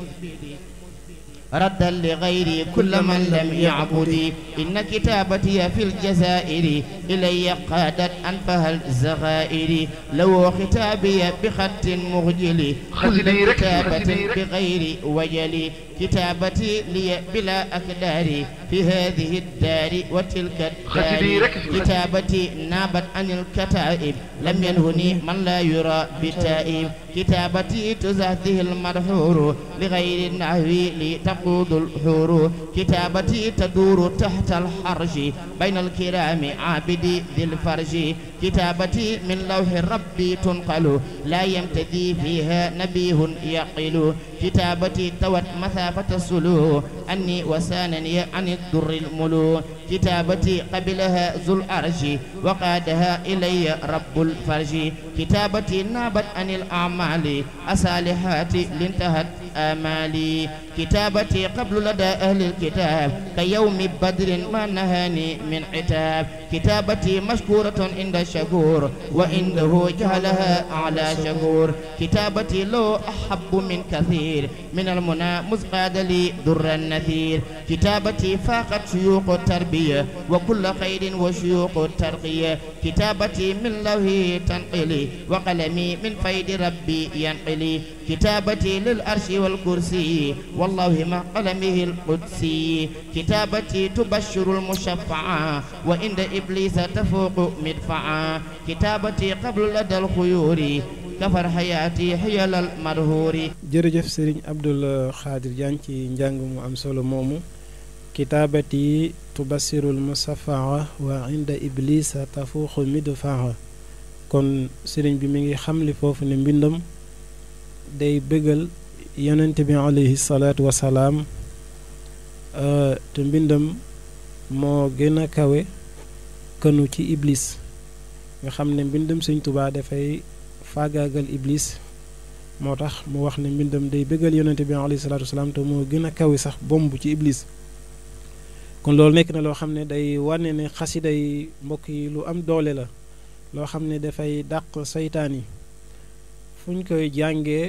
ردا لغيري كل من لم يعبدي إن كتابتي في الجزائر إلي قادت أنفها الزغائر لو ختابي بخط مغجلي خزني كتابة بغير وجلي كتابتي لي بلا أكدار في هذه الدار وتلك الدار كتابتي نابت عن الكتائب لم ينهني من لا يرى بتائب كتابتي تزهده المرحور لغير النهو لتقود الحور كتابتي تدور تحت الحرج بين الكرام عابدي ذي الفرج كتابتي من لوح ربي تنقل لا يمتدي فيها نبيه يقل كتابتي توت مسافة السلو أني وسانني عن الدر الملو كتابتي قبلها ذو الأرج وقادها إلي رب الفرج كتابتي نابت عن الأعمال أصالحات لانتهت آمالي كتابتي قبل لدى أهل الكتاب كيوم بدر ما نهاني من عتاب كتابتي مشكورة عند الشكور وإنه جعلها على شكور كتابتي لو أحب من كثير من المنى مزقاد لي در النثير كتابتي فاقت شيوخ التربية وكل خير وشيوخ الترقية كتابتي من له تنقلي وقلمي من فيد ربي ينقلي كتابتي للأرش والكرسي و والله مع قلمه القدسي كتابتي تبشر المشفعة وعند إبليس تفوق مدفعا كتابتي am solo moomu kitaabati tubasirul musafaa wa inda iblisa tafuuxu midfaa kon sëriñ bi mi ngi xamli foofu ne mbindam day bëggal yonent bi alayhi salaatu wasalaam te mbindam moo gën kawe kënu ci iblis nga xam ne mbindam sëñ tubaa dafay faagaagal iblis moo tax mu wax ne mbindam day bëggal yonent bi alayhi salaatu wasalaam te moo gën kawe sax bomb ci iblis kon loolu nekk na loo xam day wane ne xasida yi mbokk yi lu am doole la loo xam ne dafay dàq saytaan yi koy jàngee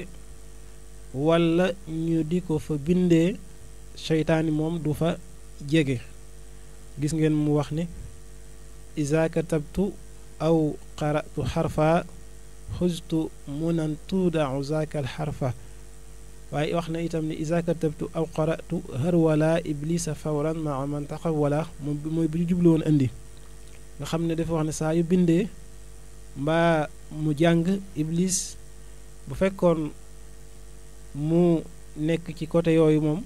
wala ñu di ko fa bindee seytaani moom du fa jege gis ngeen mu wax ne iza katabtu aw qaratu xarfa xustu munan tuudau zaakal xarfa waaye wax na itam ne iza katabtu aw qaratu har wala iblisa fawran maa man taqa wala moom mooy bi ñu jublu woon indi nga xam ne dafa wax ne saa yu bindee mbaa mu jàng iblis bu fekkoon mu nekk ci côté yooyu moom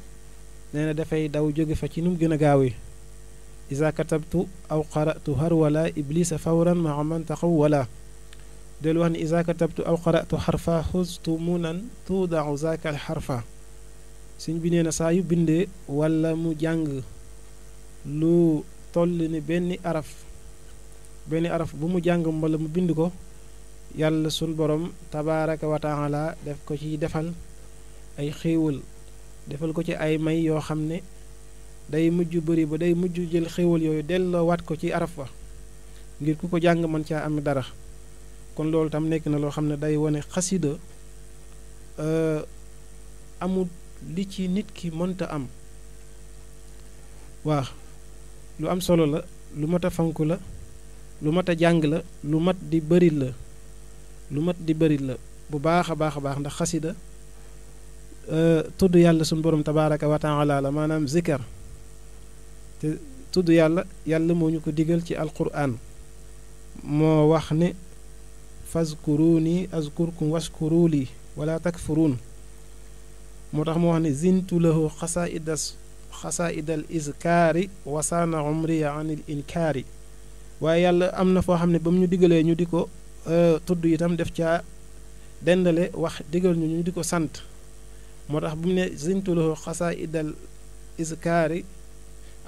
nee na dafay daw jóge fa ci num mu gën a gaawee isa katabtu aw qaratu har wala iblisa fawran ma man taxaw wala del wax ni isa katabtu aw qaratu xarfa xustu munan tuudaau zaaka al xarfa suñ bi nee na saa yu bindee wala mu jàng lu toll ni benn araf benn araf bu mu jàng mbala mu bind ko yàlla sun borom tabaraka wa taala def ko ci defal ay xewul defal ko ci ay may yo xamne day mujj bëri ba day mujj jël yoyu yooyu wat ko ci arafa ngir ku ko jàng man ci am dara kon lol tam nek na lo xamne day woné khasida euh amul li ci nit ki monta am waa lu am solo la lu mata fanku la lu mata jàng la lu mat di bëri la lu mat di bëri la bu baakha baakha baax ndax khasida tudd yàlla suñu borom tabaaraka wa taala la maanaam zikkar te tudd yàlla yàlla moo ñu ko digal ci alquran moo wax ne fazkuruni azkurkum waskuruli wala takfuruun moo tax moo wax ne zintu lahu xasaidas xasaaidal iskaari wasaana umriya anil inkaari waaye yàlla am na foo xam ne ba mu ñu digalee ñu di ko tudd itam def caa dendale wax digal ñu ñu di ko sant moo tax bu mu ne zintuluhu xasaa idal iskaari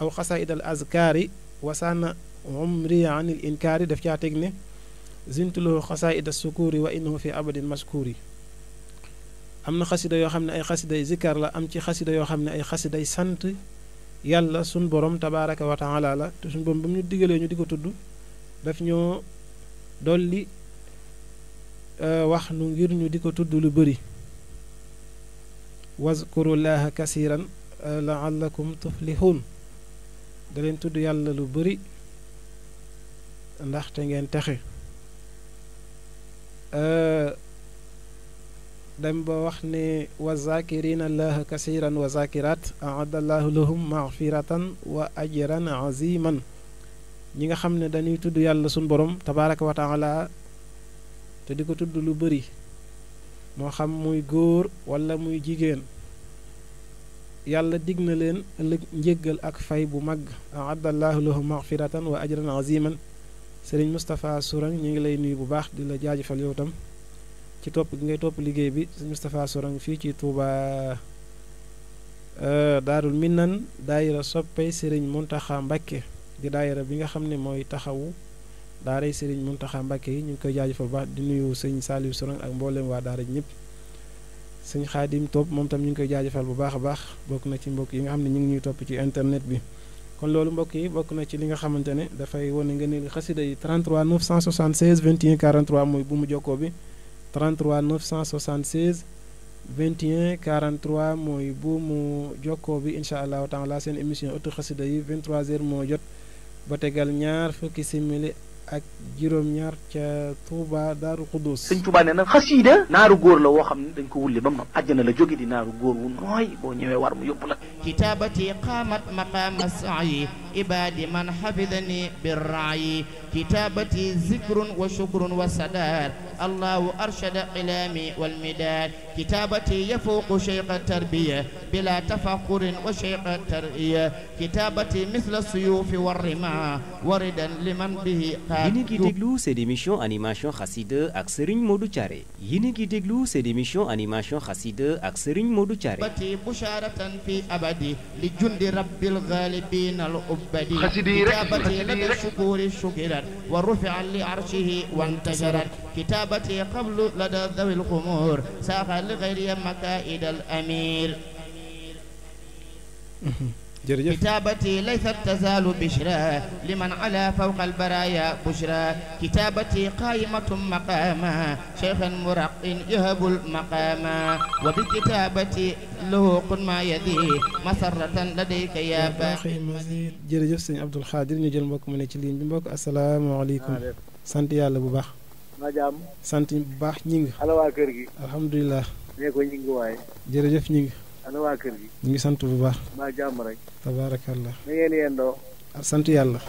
aw xasaa idal azkaari wasaana umri anil inkaari daf caa teg ne zintuluhu xasaa idal sukuuri wa innahu fi abadin maskuuri am na xasida yoo xam ne ay xasiday zikkar la am ci xasida yoo xam ne ay xasiday sant yàlla sun borom tabaaraka wa taala la te suñ borom ba mu ñu digalee ñu di ko tudd daf ñoo dolli euh, wax nu ngir ñu di ko tudd lu bëri wazkuru llaha kasiran laallakum tuflihun da leen tudd yàlla lu bëri ndaxte ngeen texe dem ba wax ne wa zakirina allaha kasiran wa zakirat aadallahu lahum magfiratan wa ajran aziman ñi nga xam ne dañuy tudd yàlla sun borom tabaraka wa taala te di ko tudd lu bëri mo xam muy góor wala muy jigéen yàlla dig na leen ëllëg njéggal ak fay bu mag ahaddallaahu lahu maxfiratan wa ajran aziman sëriñ Moustapha Sourang ñu ngi lay nuy bu baax di la jaajëfal yow tam ci topp gi ngay topp liggéey bi sëriñ Moustapha Sourang fii ci Touba daarul minnan daayira soppay sëriñ Muntaxa Mbakke di daayira bi nga xam ne mooy taxawu daara yi Serigne Mountakha Mbacké yi ñu ngi koy jaajëfal bu baax di nuyu sëñ Saliou Sorang ak mboolem waa daara ñëpp sëñ Xaadim Top moom tam ñu ngi koy jaajëfal bu baax a baax bokk na ci mbokk yi nga xam ne ñu ngi ñuy topp ci internet bi kon loolu mbokk yi bokk na ci li nga xamante ne dafay wane nga ne xasida yi 33 976 21 43 mooy bu mu jokkoo bi 33 976 21 43 mooy bu mu jokkoo bi incha allahu taala seen émission ëttu xasida yi 23h moo jot ba tegal ñaar fukki simili ak juróom-ñaar ca Touba Daaru Xuddoos sëñ Touba ne na xasiida naaru góor la woo xam ne dañ ko wulli ba mu nopp àjjana la jóge di naaru góor wu nooy boo ñëwee war mu yóbbu la kitaabati qaamat maqaama sa'i عبادي من حفظني بالرعي كتابتي ذكر وشكر وسداد الله أرشد قلامي والمداد كتابتي يفوق شيق التربية بلا تفخر وشيق التربية كتابتي مثل السيوف والرماح وردا لمن به قاد yéen a ngi déglu seen émission animation xasida ak Serigne Modou Thiaré yéen a ngi déglu seen émission animation xasida ak Serigne Modou Thiaré bati busharatan fi abadi li jundi rabbil ghalibin al بديع كتابته لدى الشكور شكرت ورفعا لعرشه وانتشرت كتابتي قبل لدى ذوي القمور ساق لغير مكائد الأمير كتابتي ليست تزال بشرى لمن على فوق البرايا بشرى كتابتي قائمة مقاما شيخا مرق يهب المقاما وبكتابتي له قن ما يدي مسرة لديك يا باقي المزيد جرجف سيدي عبد الخادر نجل مبوك من تشلين بمبوك السلام عليكم سانت يالا بو باخ ma jàmm sant bu baax ñi ngi ala waa kër gi alhamdulilah ne ana waa kër gi. ñu ngi sant bu baax. maa jàmm rek. tabaarakallah. na ngeen doo sant yàlla.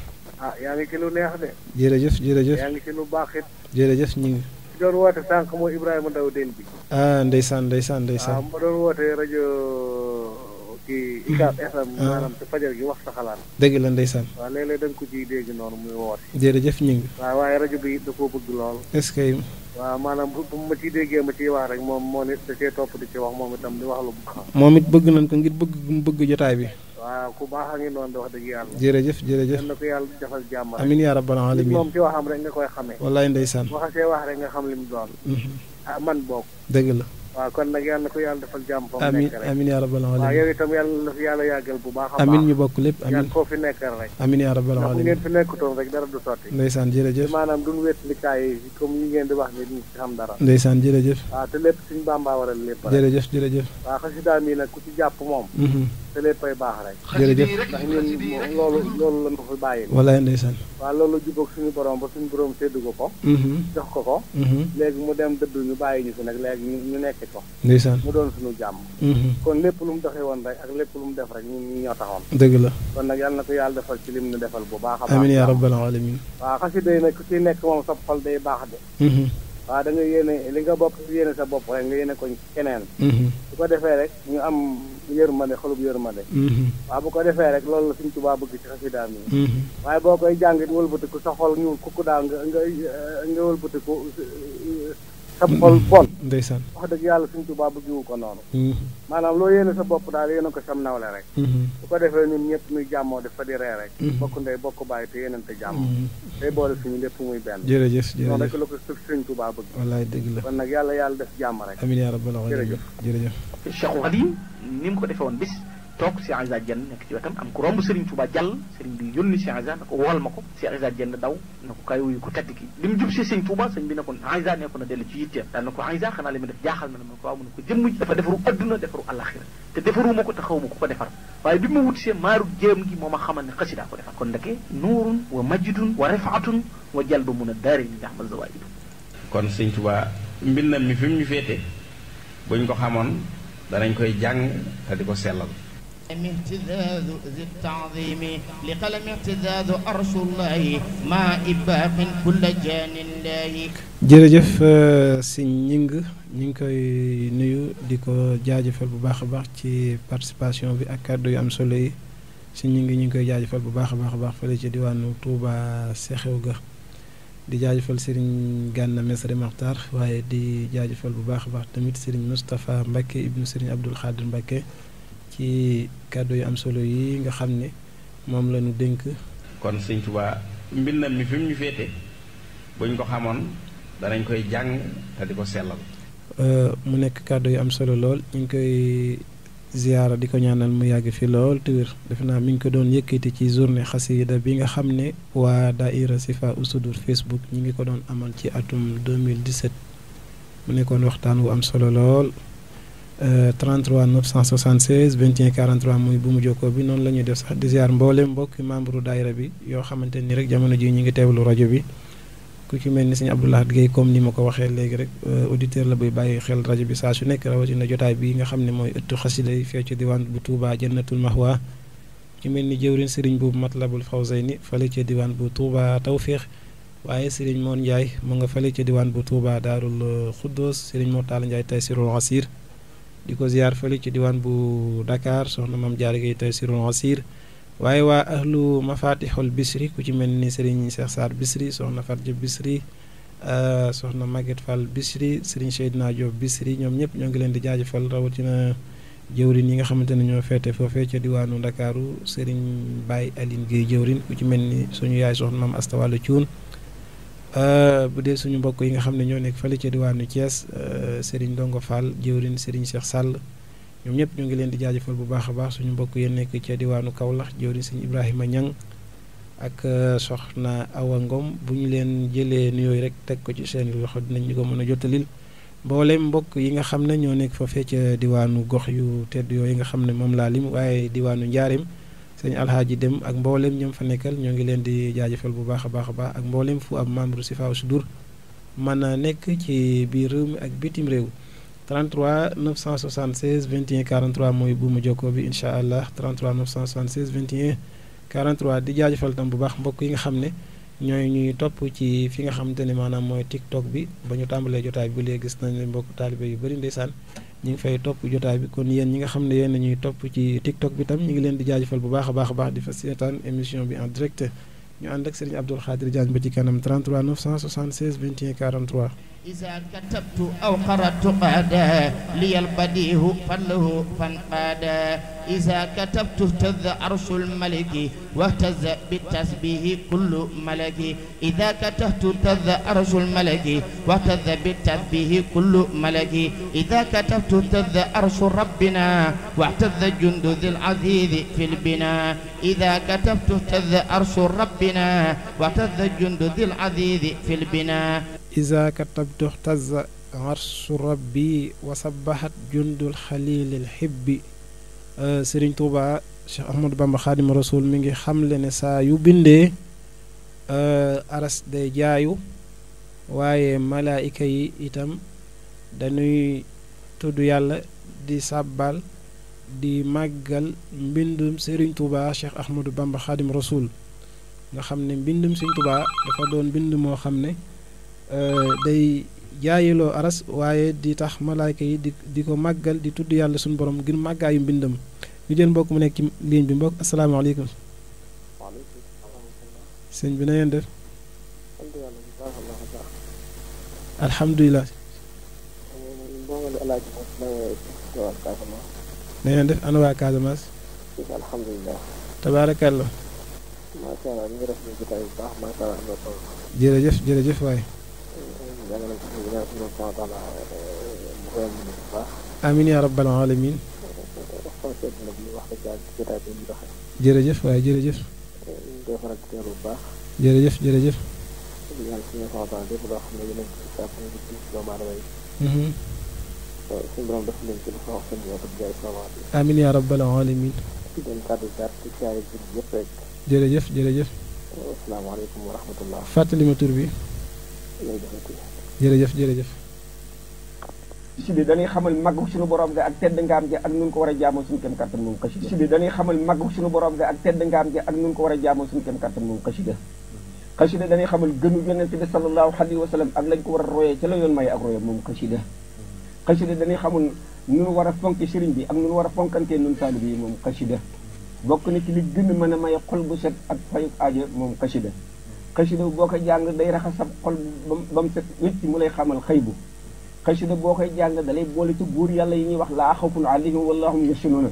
ah yaa ngi ci lu neex de. jërëjëf jërëjëf. yaa ngi ci lu baax it. jërëjëf ñu ngi. ki doon woote sànq mooy Ibrahima Ndaw den bi. ah ndeysaan ndeysaan ndeysaan. ah ma doon woote rajo kii. Ucab ah. FM. maanaam ci fajar gi wax sa xalaat. dëgg la ndeysaan. waaw léeg-léeg da nga ko ciy noonu muy woote. jërëjëf ñu ngi. waaw waaye rajo bi da koo bëgg lool. est waaw maanaam bu mu ma ciy déggee ma ciy wax rek moom moo ne da cee topp di ci wax moom itam di wax lu baax. moom it bëgg nañ ko ngir bëgg mu bëgg jotaay bi. waaw ku baax a ngi noonu di wax dëgg yàlla. jërëjëf jërëjëf yal na ko yàlla defal jàmm. amiin yaa rabbal alamin moom ci am rek nga koy xamee. wallaay ndeysaan. waxasee wax rek nga xam li mu doon. Mhm. ah man bokk. dëgg la. waaw kon nag yàlla ko yàlla defal jàmm. fa mu nekk rek amiin amiin yaa rabbal aalamiin. waaw yow itam yàlla ñu bokk lépp amiin koo fi nekkal rek. amiin yaa rabbal aalamiin ngeen fi nekkutoon rek dara du sotti. ndeysaan jërëjëf maanaam duñu wétlikaay yi comme yi ngeen di wax ni duñu ci xam dara. ndeysaan jërëjëf. waaw te lépp suñu bàmbaa waral lépp. jërëjëf jërëjëf. waaw xasida mi nag ku ci jàpp moom. Mhm. te léppay baax rek. jërëjëf ndax ñun loolu loolu la ñu fa bàyyi. walaay ndeysaan. waaw loolu jubóog suñu borom ba suñu borom séddu ko ko. Mm-hmm. jox ko ko. Mm-hmm. léegi mu dem dëdd ñu bàyyi ñu fi nag léegi ñu nekk ko. ndeysaan mu doon suñu jàmm. Mm-hmm. kon lépp lu mu doxee woon rek ak lépp lu mu def rek ñun ñoo taxoon. dëgg la kon nag yàlla na ko yàlla defal ci lim na defal bu baax a baax. amiin yaa rabbal alamin. waaw xasida yi nag ku nekk moom sa xol day baax de. waaw da nga yéene li nga bo yéene sa bopp rek nga yéene ko keneen. yërmande xolub yërmande mhm. waaw bu ko defee rek loolu la suñ tubaa bëgg ci xasidaam yi mhm. waaye boo koy jàngit wëlbatiku sa xol ñuul kukku daal nga nga nga wëlbatiku sa mhm. xol bon ndeysaan wax dëgg yàlla suñ tubaa wu ko noonu maanaam loo yéene sa bopp daal yéene ko sam nawle rek bu ko defee ñun ñëpp muy jàmmoo def fa di ree rek bokk ndey bokk bàyyi te yéenante jàmmoo day boole suñu lépp muy benn jërëjëf jërëjëf ko suñ tubaa bëgg wallaay dëgg la kon yàlla def jàmm rek amiin yaa rabbal Cheikh Xadim ni mu ko defee woon bis toog si Isa Dieng nekk ci wetam am ku romb Serigne Touba jàll Serigne bi yónni si Isa ne ko wool ma ko Cheikh Isa Dieng daw na ko kaay wuyu ko tedd ki li mu jub si Serigne Touba sëñ bi ne ko Isa ne ko na dellu ci yitteem daal na ko Isa xanaa li mu def jaaxal na ma ko waaw mu ne ko jëmm ji dafa defaru adduna defaru alaxira te defaru ma ko te xaw ma ko ko defar waaye bi ma wut see maaru jéem gi moo ma xamal ne xasidaa ko defar kon ndeke nuurun wa wa rifaatun wa jalbu mun a daari ni jaxmal zawaidu kon Serigne mi fi mu ñu féete buñ ko xamoon danañ koy jàng te di ko sellal امتداد ذي التعظيم لقلم امتداد أرش الله مع إباق كل جان الله jërëjëf euh, si ñing ñu ngi koy nuyu di ko jaajëfal bu baax a baax ci participation bi ak kàddu yi am solo yi si ñing ñu ngi koy jaajëfal bu baax a baax a baax fële ci diwaanu Touba Seexew ga di jaajëfal Serigne Gana Messere Maxtar waaye di jaajëfal bu baax a baax tamit Serigne Moustapha Mbacke ibnu Serigne Abdoul Khadir Mbacke ci kàddu yu am solo yi nga xam ne moom lañu dénk. kon sëñ Tuubaa mbindam mi fi mu ñu féete buñ ko xamoon danañ koy jàng te di ko sellal. Euh, mu nekk kàddu yi am solo lool ñu ngi koy. ziyaara di ko ñaanal mu yàgg fi lool te wér naa mi ngi ko doon yëkkati ci journée xasida bi nga xam ne waa daaira Sifa Usudur Facebook ñi ngi ko doon amal ci atum 2017 mu nekkoon waxtaan wu am solo lool 33 976 21 43 muy bu mu jokkoo bi noonu la ñuy def sax di ziyaar mboolem mbokki membre u daaira bi yoo xamante ni rek jamono ji ñu ngi teewlu rajo bi ku ci mel ni sëñ Abdou Lahad comme ni ma ko waxee léegi rek euh, auditeur la buy bàyyi xel rajo bi saa su nekk rawatina jotaay bi nga xam ne mooy ëttu xasida yi fee ci diwaan bu Touba Jannatul Mahwa ci mel ni jëwriñ sëriñ boobu Matlabul Fawzayni fale ca diwaan bu Touba Tawféex waaye sëriñ Mor Ndiaye mu nga fale ca diwaan bu Touba Daarul Xuddoos seriñ Mor Talla Ndiaye Taysirul Asir di ko ziar fale ci diwaan bu Dakar soxna Mame Diarra Guèye Taysirul Asir waaye waa ahlu mafatixul bisri ku ci mel ni sëriñ Cheikh Sarr bisri soxna Farja bisri euh, soxna Maguette Fall bisri sëriñ Seydina Diop bisri ñoom ñëpp ñoo ngi leen di jaajëfal rawatina jëwrin yi nga xamante ne ñoo feete foofee ca diwaanu ndakaaru sëriñ Baye Aline Guèye jëwrin ku ci mel ni suñu yaay soxna maam Asta Walo Cuun euh, bu dee suñu mbokk yi nga xam ne ñoo nekk fële ca diwaanu Thiès euh, sëriñ Dongo Fall jëwrin sëriñ Cheikh Sall ñoom ñëpp ñoo ngi leen di jaajëfal bu baax a baax suñu mbokk yéen nekk ca diwaanu Kaolack jëwri sëñ Ibrahima Niang ak euh, soxna Awa Ngom bu ñu leen jëlee nuyooyu rek teg ko ci seen loxo dinañ ko mën a jottalil mboolem mbokk yi nga xam ne ñoo nekk foofee ca diwaanu gox yu tedd yooyu nga xam ne moom laa lim waaye diwaanu njaareem sëñ alxaaji dem ak mboolem ñoom fa nekkal ñoo ngi leen di jaajëfal bu baax a baax a baax ak mboolem fu am membre si faaw si dur mën a nekk ci biir réew mi ak bitim réew 33 976 21 43 mooy buumu jokkoo bi incha allah 33 976 21 43 di jaajëfal tam bu baax mbokk yi nga xam ne ñooy ñuy topp ci fi nga xamante ne maanaam mooy TikTok bi ba ñu tàmbalee jotaay bi ba léegi gis nañ ne mbokk taalibe yu bëri ndeysaan ñu ngi fay topp jotaay bi kon yéen ñi nga xam ne yéen ñuy topp ci TikTok bi tam ñu ngi leen di jaajëfal bu baax a baax a baax di fa seetaan émission bi en direct ñu ànd ak Serigne Abdoul Khadir Diagne ba ci kanam 33 976 21 43. إذا كتبت أو قرأت قادا لي البديه فله فانقادا إذا كتبت اهتز عرش الملك واهتز بالتسبيح كل ملك إذا كتبت اهتز عرش الملك واهتز بالتسبيح كل ملك إذا كتبت اهتز عرش ربنا واهتز جند ذي العزيز في البناء إذا كتبت اهتز عرش ربنا واهتز جند ذي العزيز في البناء إذا كتب تهتز عرش ربي وصبحت جند الخليل الحب آه، سيرين توبا شيخ أحمد بامبا خادم رسول مينغي خامل نسا يوبيندي آه، أرس دي جايو واي ملائكة يتم دانوي تودو يالا دي سابال دي مغل مبندوم سيرين توبا شيخ أحمد بامبا خادم رسول نخمني مبندوم سيرين توبا دفا دون مبندوم وخمني Euh, day jaayiloo aras waaye di tax malaayka yi di di ko màggal di tudd yàlla suñu borom ngir màggaayu mbindam ñu jël mbokk mu nekk ci bi mbokk asalaamaaleykum sëñ bi na ngeen def alhamdulilah na ngeen def ana waa Casamance tabaarakàllah jërëjëf آمين يا رب العالمين جرجف واي جرجف جرجف جرجف آمين يا رب العالمين جرجف جرجف السلام عليكم ورحمة الله فاتلي ما jërëjëf jërëjëf. xasida bi dañuy xamal màggu suñu borom ga ak tedd ngaam ja ak nun ko war a jaamoo suñu kem kattan moom xasida xasida bi dañuy xamal màggu suñu borom ga ak tedd ngaam ja ak nun ko war a jaamoo suñu kem kattan moom xasida xasida dañuy xamal gënu yonent bi sallallahu alayhi wa sallam ak lañ ko war a royee ca la yoon may ak royee moom xasida xasida dañuy xamul nun war a fonki sëriñ bi ak nun war a fonkantee nun taalibe yi moom xasida bokk na ci li gën a mën a may xol bu set ak fayuk aajo moom xasida xasida boo koy jàng day raxa sa xol bam set wicc mu lay xamal xëybu xasida boo koy jàng dalay boole ci buur yàlla yi ñi wax la khawfun alayhi wallahu hum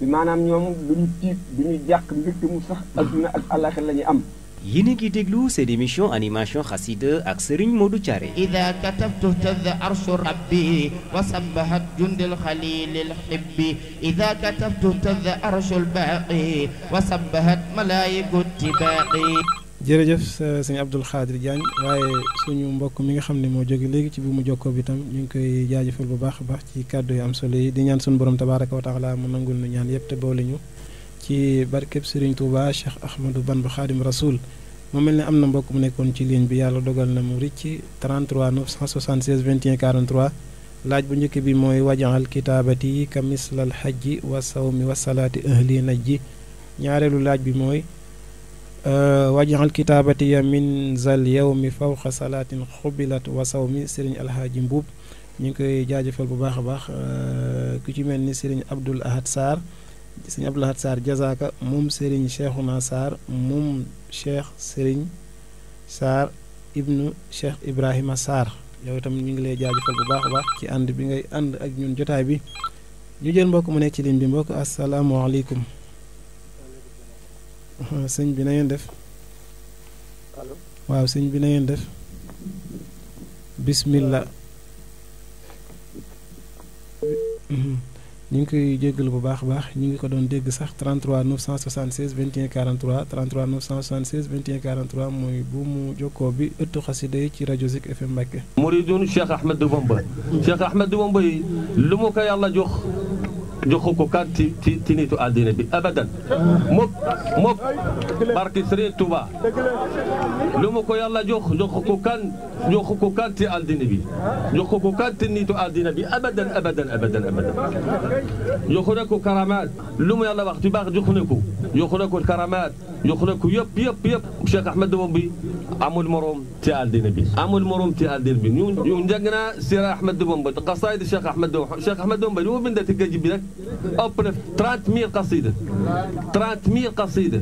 bi manam ñom duñu tiit duñu jàq mbégte mu sax aduna ak àllaxir la ñuy am yini a ngi déglu seen émission animation xasida ak Serigne Modou tiare idha katabtu tadh arshu rabbi wa sabbahat jundil xalilil hibbi idha katabtu tadh arshu al baqi wa sabbahat malaikatu tibaqi jërëjëf sëñ Abdou Khadre Diagne waaye suñu mbokk mi nga xam ne moo jóge léegi ci bu mu jokkoo bi tam ñu ngi koy jaajëfal bu baax a baax ci kàddu yu am solo yi di ñaan suñu borom tabaaraka wa taala mu nangul nu ñaan yëpp te boole ñu ci barkeb Serigne Touba Cheikh Ahmadou ban Bamba Khadim Rasoul mu mel ne am na mbokk mu nekkoon ci ligne bi yàlla dogal na mu ricc 33 976 21 43 laaj bu njëkk bi mooy wajaxal kitaabati ka mislal xajji wa sawmi wa salaati ahli ji ñaareelu laaj bi mooy. آه، واجعل الكتابه يمين زل يوم فوق صلاه خبلت وصوم سيرن الحاج مبوب ني كاي جاجفال بو باخ باخ آه، كي تي ملني سيرن عبد الاحد سار سيرن عبد الاحد سار جزاك موم سيرن شيخنا سار موم شيخ سيرن سار ابن شيخ ابراهيم سار yow itam ñu ngi lay jaajëfal bu baax baax ci ànd bi ngay ànd ak ñun jotaay bi ñu jël mbokk mu nekk ci lin bi mbokk asalaamaaleykum as sëñ bi na ngeen def. allo waaw sëñ bi na ngeen def. bismillah. ñu ngi koy jéggalu bu baax a baax ñu ngi ko doon dégg sax 33 976 21 43 33 mooy bu mu jokkoo bi ëttu xasida yi ci rajo Zik FM Mbacke. muridun Cheikh Ahmadou Bamba. Cheikh Ahmadou Bamba yi lu mu ko yàlla jox. joxu ko kan ci ci ci nitu àddina bi abadan mukk mukk barki Serigne Touba lu mu ko yàlla jox joxu ko ko kan ci àddina bi joxu ko kan ci nitu àddina bi abadan abadan abadan abadan يخونكو كرامات لوم يلا وقت باغ يخونكو يخونكو الكرامات يخلق يب يب يب شيخ احمد عمو المروم مروم ال دي نبي امول مروم تي دي نبي يون جانا سير احمد دوبي قصايد الشيخ احمد الشيخ شيخ احمد دوبي هو من ذات تجيب لك اوبن 300 قصيده 300 قصيده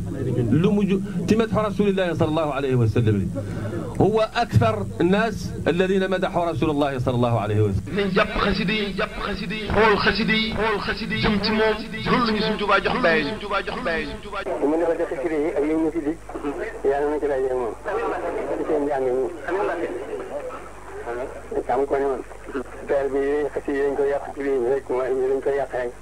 لمج تمدح رسول الله صلى الله عليه وسلم هو اكثر الناس الذين مدحوا رسول الله صلى الله عليه وسلم جاب خسيدي جاب خسيدي قول خسيدي قول خسيدي جمت موم جل نسم جوبا جخ باي جوبا جخ باي ومن بدا خسيدي yi ak yéen ñu si dig. yàlla na ci daje moom. ci seen njàng mi. xam ko ne man. daal bi yéen xas yi dañ ko yàq ci biir rek mooy ñu dañ ko yàq rek.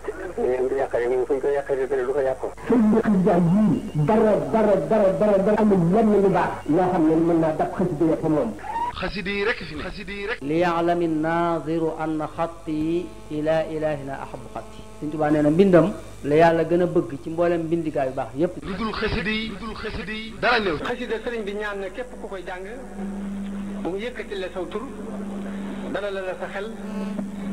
ñu ko yàq rek moom fu ñu ko yàqee rek du ko yàqu. sëñ bi xasida yii dara dara dara dara dara amul lenn lu baax. loo xam ne mën naa dab xasida yi moom. خسدي ركفني خسدي رك ليعلم الناظر أن خطي إلى إلهنا أحب خطي Sëñ Tuubaa nee na mbindam la yàlla gën a bëgg ci mboolem mbindikaay yu baax yépp lu dul xasida yi lu dul xasida yi dara néew xasida sëriñ bi ñaan na képp ku koy jàng mu yëkkati la saw tur dala la la sa xel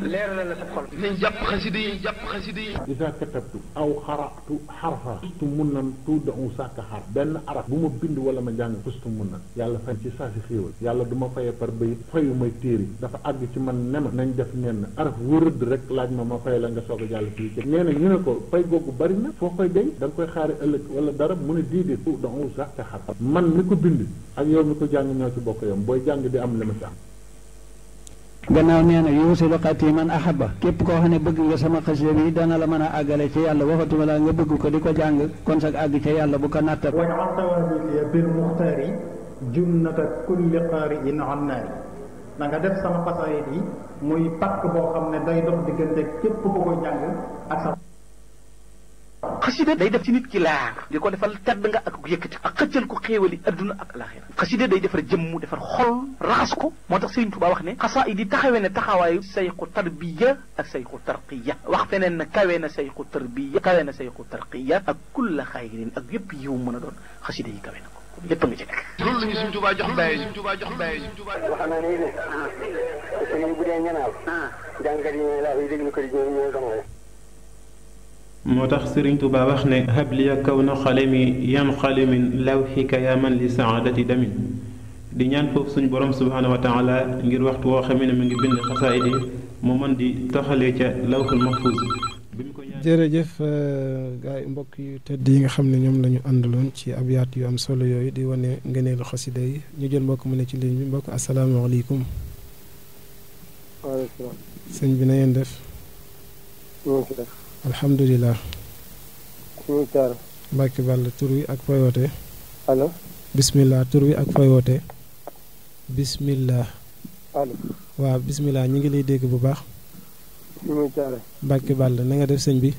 leer na la sa xol. nañ jàpp xasida yi jàpp xasida yi. isa tu aw xaratu xarfa fustu mun tu tuuda un sàkk xar benn araf bu ma bind wala ma jàng fustu mun nan yàlla fay ci saa si xéewal yàlla du ma faye par bayit fayu may téere dafa àgg ci man ne ma nañ def nenn araf wërëdd rek laaj ma ma fay la nga soog a jàll fii ci nee na ne ko fay googu bari na foo koy denc da nga koy xaari ëllëg wala dara mu ne déedéet tuuda un sàkk xar man ko bind ak yow mi ko jàng ñoo ci bokk yam booy jàng di am li ma ci gannaaw nee na yuusilu xati man ba képp koo xam ne bëgg nga sama xasida bi dana la mën a àggale ci yàlla waxatuma la nga bëgg ko di ko jàng kon sag àgg ca yàlla bu ko nattat way an tawaabitiya bil muxtaari jumnata kulli qaari in annaari da nga def sama xasaayit yi muy pakk boo xam ne day dox diggante képp ku ko jàng ak sa xasida day def ci nit ki laar di ko defal tedd nga ak yëkkati ak xëccal ko xéewali adduna ak alaxira xasida day defar jëmm defar xol raas ko moo tax Serigne Touba wax ne xasaayid di taxawe ne taxawaayu sayxu tarbiya ak sayxu tarqiya wax feneen na kawe na sayxu tarbiya kawe na sayxu tarqiya ak kulla xayrin ak yépp yiw mën a doon xasida yi kawe na ko lépp nga ci nekk. loolu la ñu Serigne Touba jox mbaye Serigne Touba jox mbaye Serigne Touba wax na ni ne sëñ bu dee ñanaal jàngat yi ñooy laa yi déglu ko di ñooy ñooy dong moo tax sëriñ Tuubaa wax ne habliya kaw nu xalemi yam xalimin lawxika yaa man li saadati damin di ñaan foofu suñ borom subhaanahu wa taala ngir waxtu woo xamee ne mu ngi bind xasaayid yi mu mën di toxalee ca lawxul mahfuus jërëjëf gaay mbokk yu tëdd yi nga xam ne ñoom la ñu àndaloon ci abyaat yu am solo yooyu di wane ngëneelu xasida yi ñu jël mbokk mu ne ci ligne bi mbokk asalaamaaleykum waaleykum sëñ bi na ngeen def alhamdulilah. suñu caar. Mbacke Balla tur wi ak fooy wootee. allo. bismillah tur wi ak fooy wootee. bismillah. allo. waaw bismillah ñu ngi lay dégg bu baax. suñu caar. Mbacke Balla na nga def sëñ bi.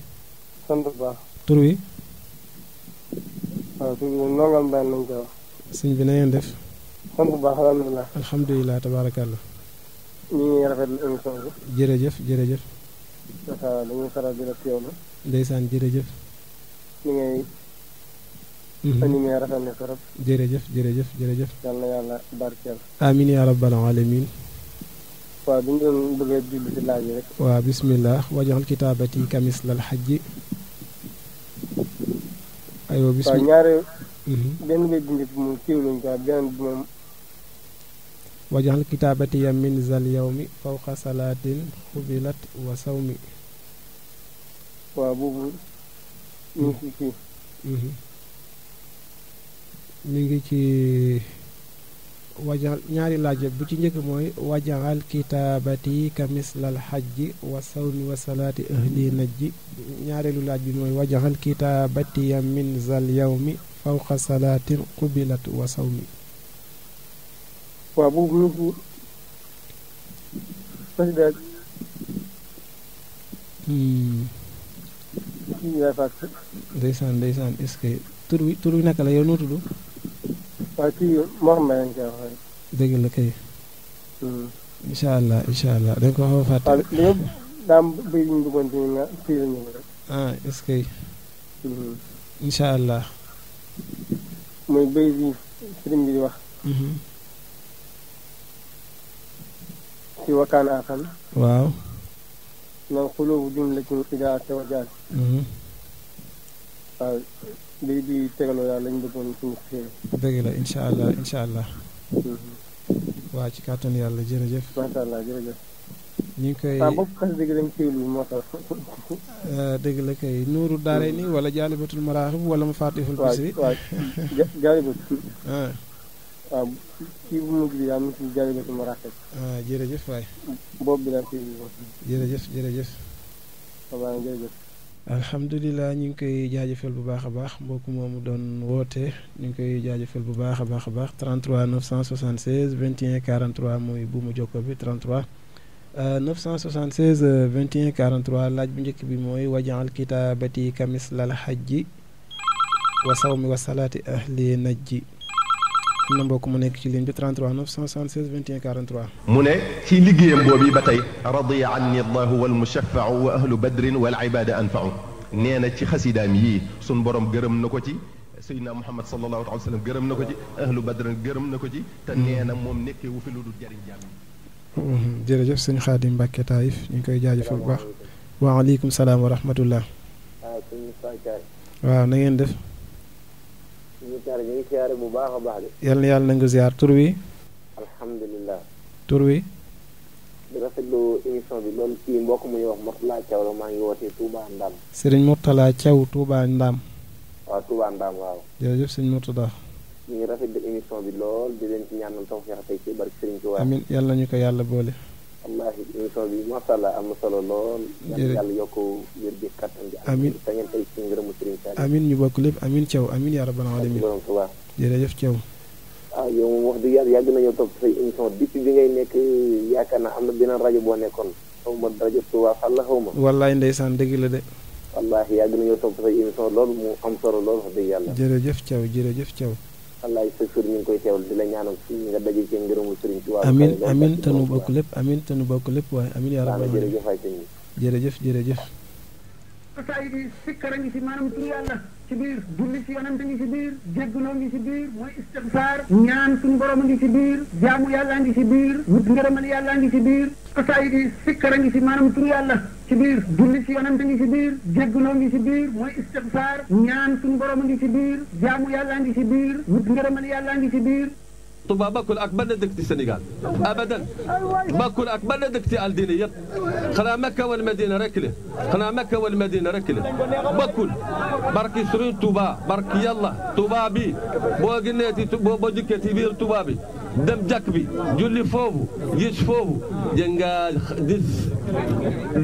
sant bu baax. tur wi. waaw tur wi ndongal mbay lañ koy wax. sëñ bi na ngeen def. sant bu baax alhamdulilah. alhamdulilah tabaarakallah. ñu ngi rafetlu émission bi. jërëjëf jërëjëf. waaw dañuy faral di la teewlu. ndeysaan jërëjëf. ni mhm. jërëjëf jërëjëf jërëjëf. yàlla barkeel. amiin yaa rabbal alamin. waaw bi ñu doon bëgg a julli ci laaj yi kamis lal xajji. aywa bisimilah mhm. benn béy bu njëkk moom teewluñ ko beneen bi moom. wajaxal kitaabatiya min zal yawmi fawqa salaatin xubilat wa sawmi waaw boobu ngi ci mi mhm. wajaxal ñaari laaj bu ci njëkk mooy wajaxal kitaabati ka mislal xajji wa sawmi wa salaati ñaareelu laaj bi mooy wajaxal kitaabatiya min zal yawmi fawqa salaatin xubilat wa waaw bu bu xasida ak kii yaay faat ndeysaan ndeysaan est-ce que tur wi tur wi naka la yow noo tudd waaw kii Mor Mbaye nga koy dëgg la kay hmm. incha allah incha allah dañ ko xaw a fàtte daam bëy ñu bëggoon ci nga fii la ñu ah est-ce que hmm. allah bëy bi sëriñ di wax mhm. si wakaan aaxan waaw nag xulóobu mm-hmm. di tegaloo daal lañ bëggoon suñu xëy dëgg la incha allah incha allah mm-hmm. waa ci kàttan yàlla jërëjëf macha allah ñu ngi koy waaw bopp xas euh, dëgg la kay nuuru daare ni wala jaalibatul maraaxib wala ma faatihul bisri waaw waaw jaalibatul ah. waaw jërëjëf mu ah, jërëjëf waay. boobu bi daal jërëjëf jërëjëf. waaw ñu ngi koy jaajëfal bu baax a baax mbokk moomu doon woote ñu ngi koy jaajëfal bu baax a baax a baax 33 976 21 43 muy bu mu jokko bi 33. 976 21 43 laaj bu njëkk bi mooy wajaal kitaabati kamis lal xajji wa sawmi wa salaati ahli najji. am na mbokk mu nekk ci ligne bi 33 976 21 43. mu ne ci liggéeyam boobu ba tey. radiya anni allahu wal mushaffau wa ahlu badrin wal ibada anfau nee na ci xasidaam yii sun borom gërëm na ko ci Seydina Muhammad sallallahu alayhi wa sallam gërëm na ko ci ahlu badrin gërëm na ko ci. te nee na moom nekkee wu fi lu dul jariñ jàmm. jërëjëf sëñ Xaadim Mbàkke Taïf ñu ngi koy jaajëfal bu baax. waaleykum salaam wa rahmatullah. waaw na ngeen def. ñu ngi siyaare bu baax a baax de. yal na yàlla na nga siyaar tur wi. alhamdulilah. tur wi. di rafetlu émission bi loolu ci mbokk mu ñuy wax Mourtala Thiaw la maa ngi wootee Touba Ndam. Serigne Mourtala Thiaw Touba Ndam. waaw Touba Ndam waaw. jërëjëf sëñ Mourtala. mu ngi rafetlu émission bi lool di leen ci ñaanal taw fexe tey ci barke Serigne Touba. amiin yal na ñu ko yàlla boole. wallaahi émission bi macha allah am na solo lool. jërëjëf yàlla yokk wér gi kattan gi. amiin te ngeen ñu bokk lépp amiin Thiaw amiin yaa rabbal alamin. borom ah, wax dëgg yàlla yàgg nañoo topp say bi ngay nekk yaakaar naa am na beneen rajo boo nekkoon xaw ma rajo Tuubaa fan la xaw ma. wallaahi ndeysaan dëgg la de. wallaahi yàgg nañoo topp say émission lool mu am solo lool wax dëgg yàlla. jërëjëf Thiaw jërëjëf Thiaw wallaay sa ñu ngi koy teewal di la ñaanal amin amin te nu bokk lépp amin te bokk lépp waaye amin yaa rabbal jërëjëf jërëjëf jërëjëf ci biir julli ci yonent ngi ci biir jéggaloo ngi ci biir mooy istigfaar ñaan suñu borom a ci biir jaamu yàlla ngi ci biir wut ngërëmal yàlla ngi ci biir xasaayid yi sikkar a ngi ci maanaam tur yàlla ci biir julli ci yonent ngi ci biir jéggaloo ngi ci biir mooy istigfaar ñaan suñu borom a ngi ci biir jaamu yàlla ngi ci biir wut ngërëmal yàlla ci biir تو باكل اكبر ندك السنغال ابدا باكل اكبر ندك الدينيه خلا مكه والمدينه ركله خلا مكه والمدينه ركله باكل بركي سرين طبعا بركي الله طبعا بي بوغنيتي بوجكتي بير طبعا بي دم جاكبي جولي فوفو يش فوفو جنجا دز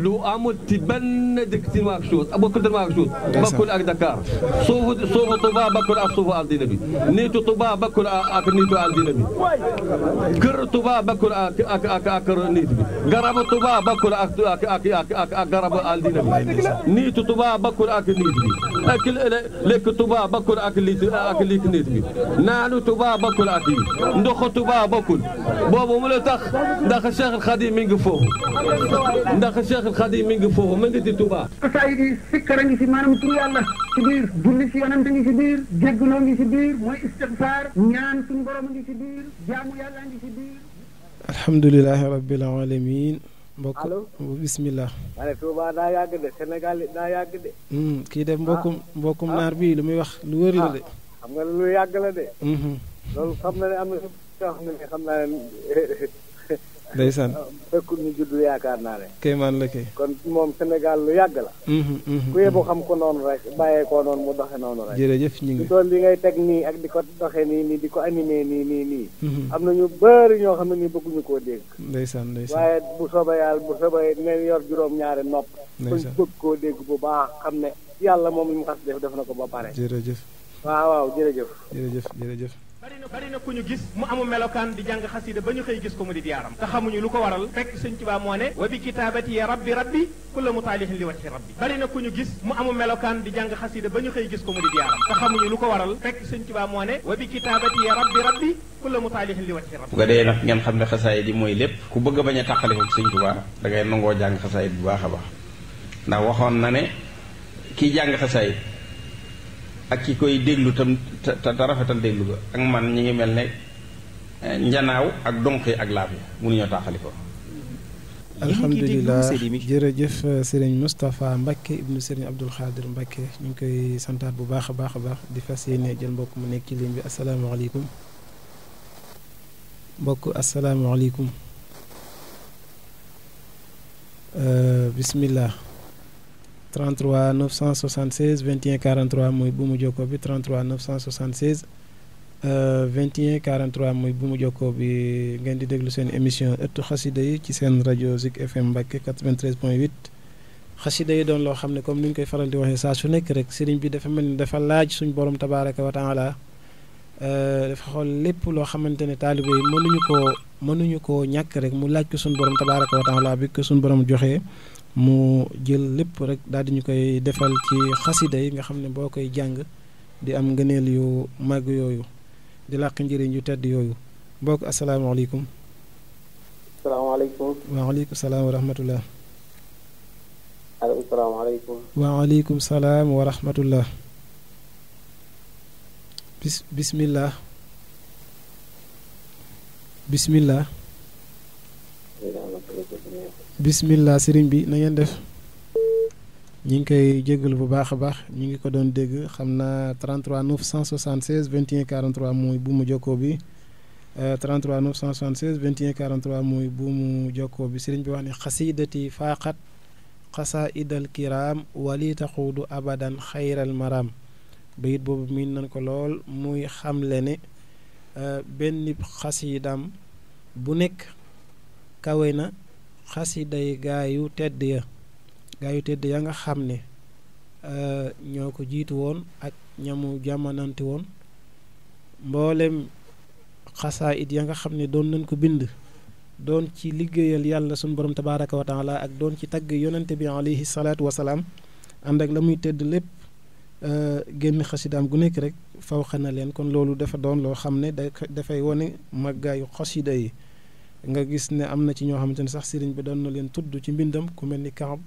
لو امو تبن دكتي ماكشوت ابو كل ماكشوت باكل اك دكار صوفو صوفو طوبا باكل اصوفو ال دينبي نيتو طوبا باكل اك نيتو ال دينبي كر طوبا باكل اك اك اك اك نيتبي غرب طوبا باكل اك اك اك اك اك غرب ال دينبي نيتو طوبا باكل اك نيتبي اكل لك طوبا باكل اك ليك نيتبي نانو طوبا باكل اك ندخو تبا بكل بابو ملتخ داخل الشيخ الخديم من قفوه داخل الشيخ الخديم من قفوه من قد تبا قصائدي سكر انجي مانم تري الله كبير جولي سي انم تنجي كبير جيغلو انجي كبير مو استغفار نيان سن بروم انجي كبير جامو يالا انجي كبير الحمد لله رب العالمين mbokk bismillah ane Touba daa yàgg de Sénégal daa yàgg de kii de mbokkum mbokkum naar bii lu muy wax lu wëri la de xam nga lu yàgg la de loolu xam na ne am na soo xam ne xam naa ne. ndeysaan fekkul ñu juddu yaakaar naa ne. kéemaan la kay. kon moom Sénégal lu yàgg la. Mm-hmm, mm-hmm, ku yebu mm-hmm. xam ko noonu bàyyeekoo noonu mu doxe noonu jërëjëf ñu ngi doon li ngay teg nii ak di ko doxe nii nii di ko animé nii nii nii. am na ñu bëri ñoo xam ne nii bëgguñu koo dégg. ndeysaan ndeysaan waaye bu soobee yàlla bu soobee dinañ yor juróom-ñaari nopp. ndeysaan bëgg koo dégg bu baax xam ne yàlla moom li mu xas def def na ko ba pare. jërëjëf waaw waaw jërëjëf. jërëjëf jërëjëf. bari na ku ñu gis mu amu melokaan di jàng xasida ba ñu xëy gis ko mu di diyaaram te xamuñu lu ko waral fekk sëñ Tuubaa moo ne wa bi kitaabati ya rabbi rabbi kulla mutaalihin li wajhi rabbi bari na ku ñu gis mu amu melokaan di jàng xasida ba ñu xëy gis ko mu di diyaaram te lu ko waral fekk sëñ Tuubaa moo ne wa bi kitaabati ya rabbi rabbi kulla mutaalihin li wajhi rabbi bu ko dee nag ngeen xam ne xasaayid yi mooy lépp ku bëgg a bañ a tàqale ko sëñ Tuubaa da ngay nangoo jàng xasaayid bu baax a baax ndax waxoon na ne kii jàng xasaayid ak ki koy déglu tam te te rafetal déglu ga ak man ñi ngi mel ni eh, njanaaw ak donqi ak laaf yi mënuñoo taaxali ko alhamdulilah jërëjëf eh, sëriñ Moustapha Mbacke ibnu sëriñ Abdoul Khadir Mbacke ñu ngi koy santaat bu baax a baax a baax di fas yéene jël mbokk mu nekk ci ligne bi asalaamaaleykum mbokk asalaamaaleykum eh, bismillah 33 976 21 43 mooy bu mu jokkoo bi 33 976 euh, 21 43 mooy bu mu jokkoo bi ngeen di déglu seen émission ëttu xasida yi ci seen rajo Zik FM Mbacke 93 point 8 xasida yi doon loo xam ne comme ni ñu koy faral di waxee saa su nekk rek seriñ bi dafa mel ni dafa laaj suñ borom tabaaraka wa taala euh, dafa xool lépp loo xamante ne taalibe yi mënuñu koo mënuñu koo ñàkk rek mu laaj ko suñ borom tabaaraka wa taala bi ko suñ borom joxee mu jël lépp rek daal di ñu koy defal ci xasida yi nga xam ne boo koy jàng di am ngëneel yu màgg yooyu di làq njëriñ yu tedd yooyu mbokk asalaamaaleykum. salaamaaleykum. waaleykum salaam wa rahmatullah. asalaamaaleykum. salaam wa rahmatullah. bis bismillah. bismillah. bismillah sëriñ bi na ngeen def ñu ngi koy jégalu bu baax a baax ñu ngi ko doon dégg xam naa 33 976 21 43 mooy bu mu jokkoo bi 33 976 21 43 mooy bu mu jokkoo bi sëriñ bi wax ne xasidati faaqat xasaidal kiram wali taxuudu abadan xayral maram bayit boobu miin nañ ko lool muy xamle ne benn xasidam bu nekk kawe na xasiday gaayu tedd ya gaayu tedd ya nga xam ne euh, ñoo ko jiitu woon ak ñamu jamonante woon mboolem xasaayid ya nga xam ne doon nañ ko bind doon ci liggéeyal yàlla suñu borom tabaraka wa taala ak doon ci tagg yonente bi alayhi salaatu wasalaam ànd ak la muy tedd lépp euh, génn xasidaam gu nekk rek faw xana leen kon loolu dafa doon loo xam ne da dafay wone màggaayu xasida yi nga gis ne am na ci ñoo xamante ne sax sëriñ bi doon na leen tudd ci mbindam ku mel ni Kaab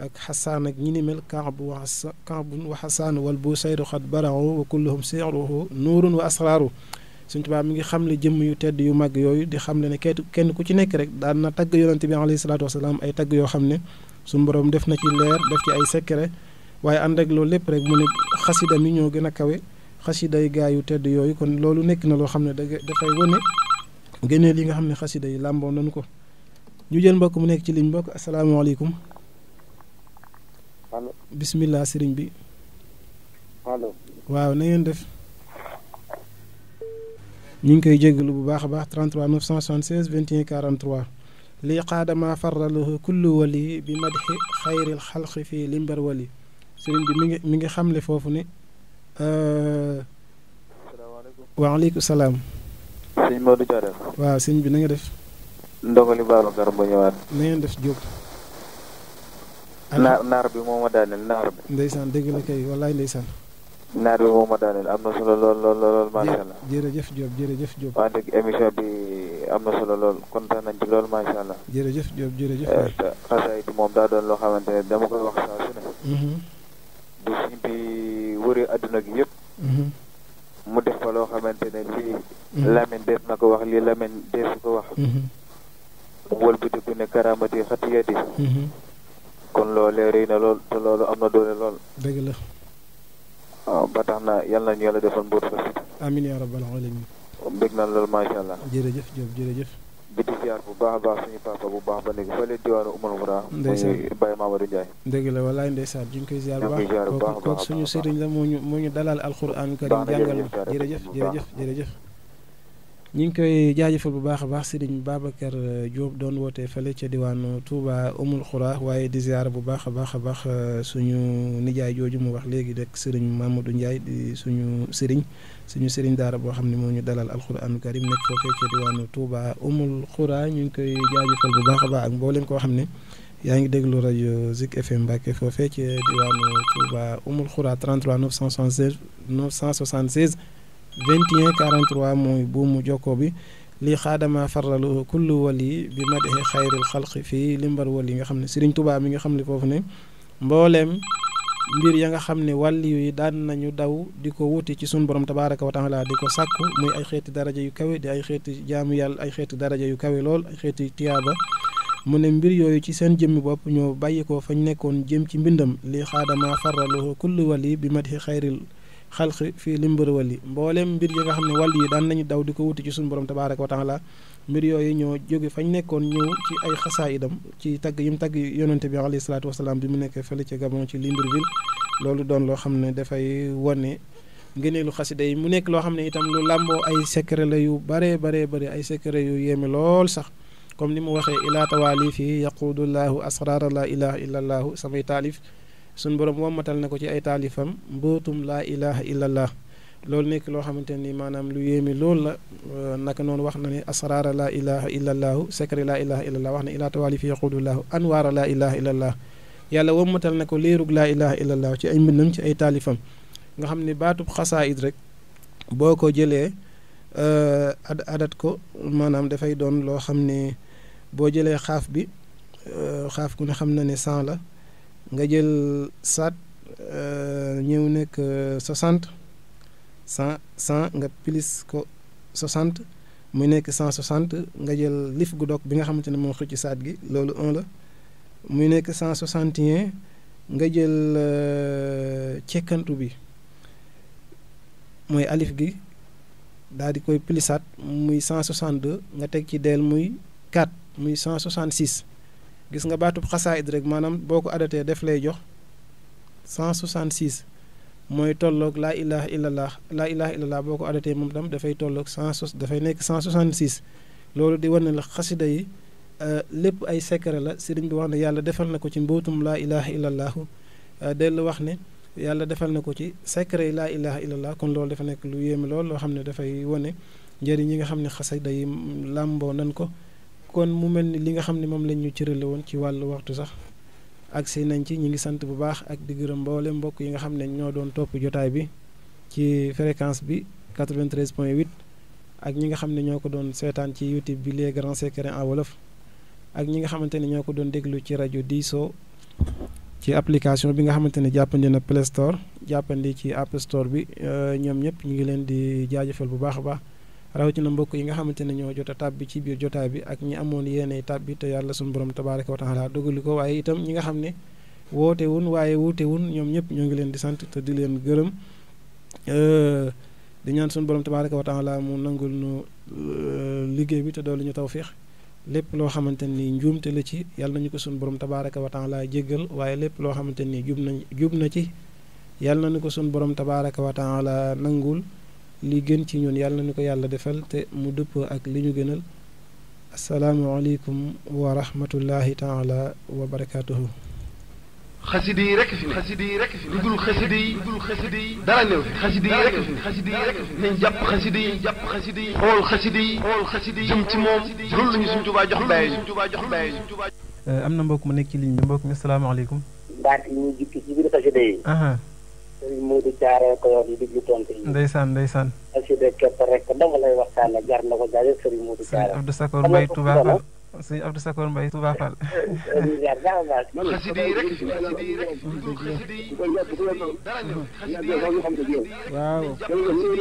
ak xasaan ak ñi ni mel Kaab wa Kaab wa xasaan wal bu sayru xat baraxu wa kulluhum siruhu nuurun wa asraaru Sëriñ Tuubaa mi ngi xam le jëmm yu tedd yu mag yooyu di xam le ne kenn ku ci nekk rek daan na tagg yonante bi alayhi salaatu wasalaam ay tagg yoo xam ne suñu borom def na ci leer def ci ay secret waaye ànd ak loolu lépp rek mu ne xasida mi ñoo gën a kawe xasida yu gaa yu tedd yooyu kon loolu nekk na loo xam ne dafay wone génnee li nga xam ne xasida yi làmboo nañu ko ñu jël mbokk mu nekk ci liñ mbokk asalaamaaleykum. allo bisimilah sëriñ bi. waaw na ngeen def. ñu ngi koy jégalu bu baax a baax 33 976 21 43. lii qaadama faralahu kullu wali bi madxi xayril xalqi fii limbar wali sëriñ bi mi ngi mi ngi xam xamle foofu ne. asalaamaaleykum euh, waaleykum salaam. sëñ Modou Thiorès. waaw sëñ bi na nga def. ndogali li bu ñëwaat. na ngeen def Diop. naar naar bi moom a daaneel naar bi. dégg la kay wallaay ndeysaan. naar bi moo ma daaneel am na solo lool lool lool macha allah. jërëjëf Diop jërëjëf Diop. waa dëgg émission bi am na solo lool kontaan nañ ci lool macha allah. jërëjëf Diop jërëjëf. Eh, xasaay bi moom daa doon loo xamante ne dama koy wax saa su ne. du mhm. si bi wëri adduna gi yëpp. Mhm. mu def fa loo xamante ne lii mhm. Lamine def na ko wax lii Lamine deesu ko wax mhm. mu wëlbatiku ne karaamati xatiyati mhm. kon loolee rëy na lool te loolu am na doole lool dëgg la waaw ba tax na yal nañu yàlla defal mbuur fa amiin yaa rabbal alamin bég na lool macha allah jërëjëf bi di ziar bu baax a baax suñu papa bu baax ba léegi fa leen diwaanu Umar Moura. ndeysaan Baye Mamadou la walaay ndeysaan ñu koy ziar bu baax kooku suñu sëriñ la moo ñu moo ñu dalal alxuraan karim jàngal jërëjëf jërëjëf jërëjëf ñu ngi koy jaajëfal bu baax a baax sëriñ Babacar euh, Diop doon wootee fële ca diwaanu Touba Umul Xura waaye di ziar bu baax a baax a baax euh, suñu nijaay jooju mu wax léegi rek sëriñ Mamadou Ndiaye di suñu sëriñ suñu sëriñ daara boo xam ne moo ñu dalal alxuraanu karim nekk foofee ca diwaanu Touba Umul Xura ñu ngi koy jaajëfal bu baax a baax ak mboolem koo xam ne yaa ngi déglu rajo Zik FM Mbacke foofee ca diwaanu Touba Umul Xura 33 976 976. 21 43 mooy buumu jokkoo bi lii xaadama farralu kullu wali bi madihi xayril xalqi fii limbar yi nga xam ne siriñ tubaab mi nga xam ne foofu ne mbooleem mbir ya nga xam ne wàlli yi daan nañu daw di ko wuti ci sun borom tabaraka wa taala di ko sàkku muy ay xeeti daraja yu kawe di ay xeeti jaamu yàlla ay xeeti daraja yu kawe lool ay xeeti tiyaaba mu ne mbir yooyu ci seen jëmmi bopp ñoo bàyyi ko fañ nekkoon jëm ci mbindam lii xaadama farralu kullu wali bi madihi xayril xalqi fii limbir wali mboolem mbir yi nga xam ne wàll nañu daw di wuti ci suñu borom tabaaraka wa taala mbir yooyu ñoo jóge fañ nekkoon ñëw ci ay xasaayidam ci tagg yim tagg yonente bi alayhi salaatu wasalaam bi mu nekkee fële ca Gabon ci Libreville loolu doon loo xam ne dafay wane ngëneelu xasida yi mu nekk loo xam itam lu làmboo ay secret la yu bare bare bare ay secret yu yéeme lool sax comme ni mu waxee ilaa tawaalif yi yaquudullahu asraara la ilaha illa allaahu samay taalif suñ borom wammatal nako ci ay talifam mbotum la ilaha illallah loolu nekk loo xamante ni maanaam lu yemi lol la nak non wax na ni asrar la ilaha illallahu secret la ilaha illallah wax na ila tawali fi yaqudullaahu anwar la ilaha illallah yàlla wammatal nako leruk la laa ilaha illallah ci ay mbindam ci ay talifam nga xamni batub khasaid rek boko jele euh adat ko manam da fay don lo xamni bo jele khaf bi khaf ku ne xamna ni ne la nga jël saat euh, ñëw nekk euh, soixante cent cent nga pilis ko soixante muy nekk cent soixante nga jël lif gu dog bi nga xamante ne moo xëcc saat gi loolu on la muy nekk cent soixante et nga jël euh, cekkantu bi mooy alif gi daal di koy pilisaat muy cent soixante deux nga teg ci del muy quatre muy cent soixante six gis nga batub khasaid rek manam boko adaté def lay jox 166 moy tolok la ilaha illallah la ilaha illallah boo ko adatee moom tam dafay tolloog 100 fay nek 166 loolu di wane la khasida yi euh lépp ay secret la serigne bi wax na yàlla defal nako ci mbotum la ilaha illallahu dellu wax ne yàlla defal nako ci secret la ilaha illallah kon loolu dafa nek lu yemi lool loo xam ne dafay wane njëriñ yi nga xamne khasida yi lambo nan ko kon mu mel ni li nga xam ne moom lañ ñu cërale woon ci wàllu waxtu sax agsi nañ ci ñi ngi sant bu baax ak di gërëm mboole mbokk yi nga xam ne ñoo doon topp jotaay bi ci fréquence bi 93 point 8 ak ñi nga xam ne ñoo ko doon seetaan ci youtube bi les grands secrets en wolof ak ñi nga xamante ne ñoo ko doon déglu ci rajo di so ci application bi nga xamante ne jàppandi na Play Store jàppandi ci App Store bi euh, ñoom ñëpp ñu ngi leen di jaajëfal bu baax a baax. rawatina mbokk yi nga xamante ne ñoo jot a tàbbi ci biir jotaay bi ak ñi amoon yéene tàbbi te yàlla suñu borom tabaraka wa taala dogali ko waaye itam ñi nga xam ne woote wun waaye wuute wun ñoom ñëpp ñoo ngi leen di sant te di leen gërëm di ñaan suñu borom tabaraka wa taala mu nangul nu euh, liggéey bi te doolu ñu tawfiix lépp loo xamante ni njuumte la ci yàlla nañu ko suñu borom tabaraka wa taala jéggal waaye lépp loo xamante ni jub nañ jub na ci yàlla nañu ko suñu borom tabaraka wa taala nangul li gën ci ñun yàlla nu ko yàlla defal te mu dëppoo ak li ñu gënal asalaamualeykum wa rahmatullahi taala wa barakaatuhu. xaside yi rek fi ne xaside yi rek fi ne lu dul xaside yi lu jàpp xaside yi jàpp xaside yi xool xaside xool xaside euh, am na mbokk mu nekk ci ligne bi mbokk mi asalaamaaleykum baat Serigne Modou Thiaré ko yoon yi diglu tontu yi. ndeysaan ndeysaan. assuré képp rek dama lay waxtaanee jar na ko jaajëf Serigne Modou Thiaré. Serigne Abdou Sakor Mbaye Touba sëñ Abdou Sakor Mbaye Touba Fall. xasida yi rek xasida yi rek xasida yi dara ñëw xasida yi rek. waaw. jërëjëf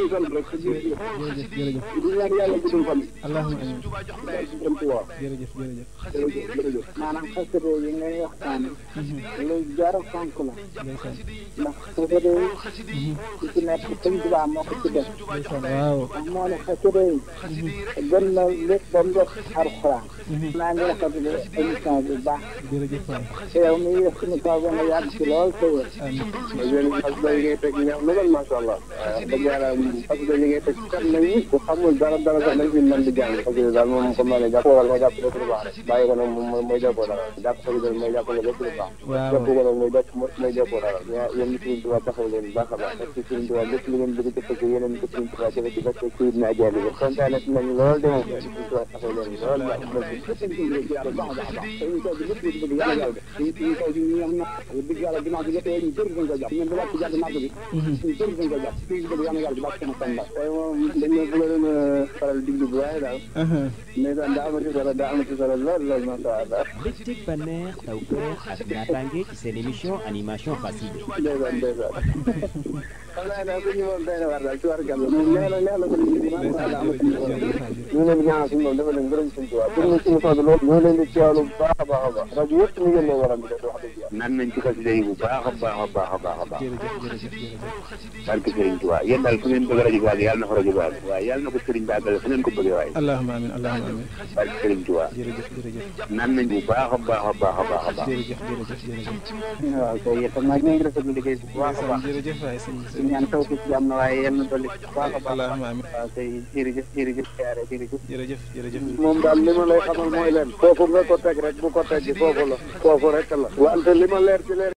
jërëjëf. allahumma amiin. jërëjëf jërëjëf. maanaam xasida yi ngay waxtaane. lu jar fonk la. ndax xasida yi. ku ci nekk sëñ Touba moo ko ci def. waaw. ndax moo ne xasida yi. gën na lépp ba mu def alxuraan. maa ngi rafetlu émission bi bu baax. jërëjëf waay. yow mi ngi def émission bi nga yàgg ci lool te wër. amiin parce que li ngay teg neex na lool macha allah. waaw dëgg yàlla parce que li ngay teg kat nañu ku xamul dara dara sax dañ fi mën di jàng. parce que daal moom comme ma ne jàpp wala ma jàpp lépp lu baax rek. bàyyi ko nag moom mooy jàppoo dara. jàpp ko nag mooy jàpp lépp lu baax. waaw jàpp ko nag mooy jàpp mooy jàppoo dara. waaw yéen ñu Sëriñ Tuubaa taxaw leen baax a baax parce que Sëriñ Tuubaa lépp lu ngeen bëgg def ko yéen a ngi ko Sëriñ Tuubaa ci rek di def ko kii na ajaali bi kontaan nañu lool de moom Sëriñ Tuubaa taxaw leen lool seen góorgóorlu yàlla bu baax a baax a baax taw bi lépp lépp yàlla yàlla def ñu taw bi ñu am na dëgg yàlla ginnaaw bi ñettee ñu bëri dañ koy jàpp ñun bu wàcc jàpp màgg bi ñu bëri dañ koy jàpp fii dëgg yàlla yàlla di baax sama fan la waaye moom dañ ne bëgg leen faral diglu bu waaye daal mais daal daa amati solo daa amati solo lool lool masha Allah bëccëg bànneex taw ak naataange ci seen émission animation facile wallaay daal li ñu moom doy na war daal ci war gàll moom nee na nee na ko liggéey macha allah amati ñu ñu leen di ñaanal suñu moom dafa leen gërëm suñu tubaab pour ñu suñu fàgg loolu ñoo leen di teewlu bu baax a baax a baax rajo yëpp ñu ngeen leen waral di def wax dëgg yàlla nan nañ ci xasida yi bu baax a baax a baax a baax a baax barke Sëriñ Tuubaa yéen daal fu ngeen bëgg rajo baag yàlla na fa rajo baag waaye yàlla na ko sëriñ bi àggale fu ngeen ko bëggee waaye allahumma amin allahumma amin barke Sëriñ Tuubaa nan nañ bu baax a baax a baax a baax a baax waaw kay yéen tam nag ñu ngi rafetlu liggéey bu baax a baax ñaan taw ci jàmm waaye yal na dolli ci baax a baax waaw tey jërëjëf jërëjëf siyaare jërëjëf jërëjëf jërëjëf moom daal li ma lay xamal mooy leen foofu nga ko rek bu ko foofu la foofu rek la wante li ma leer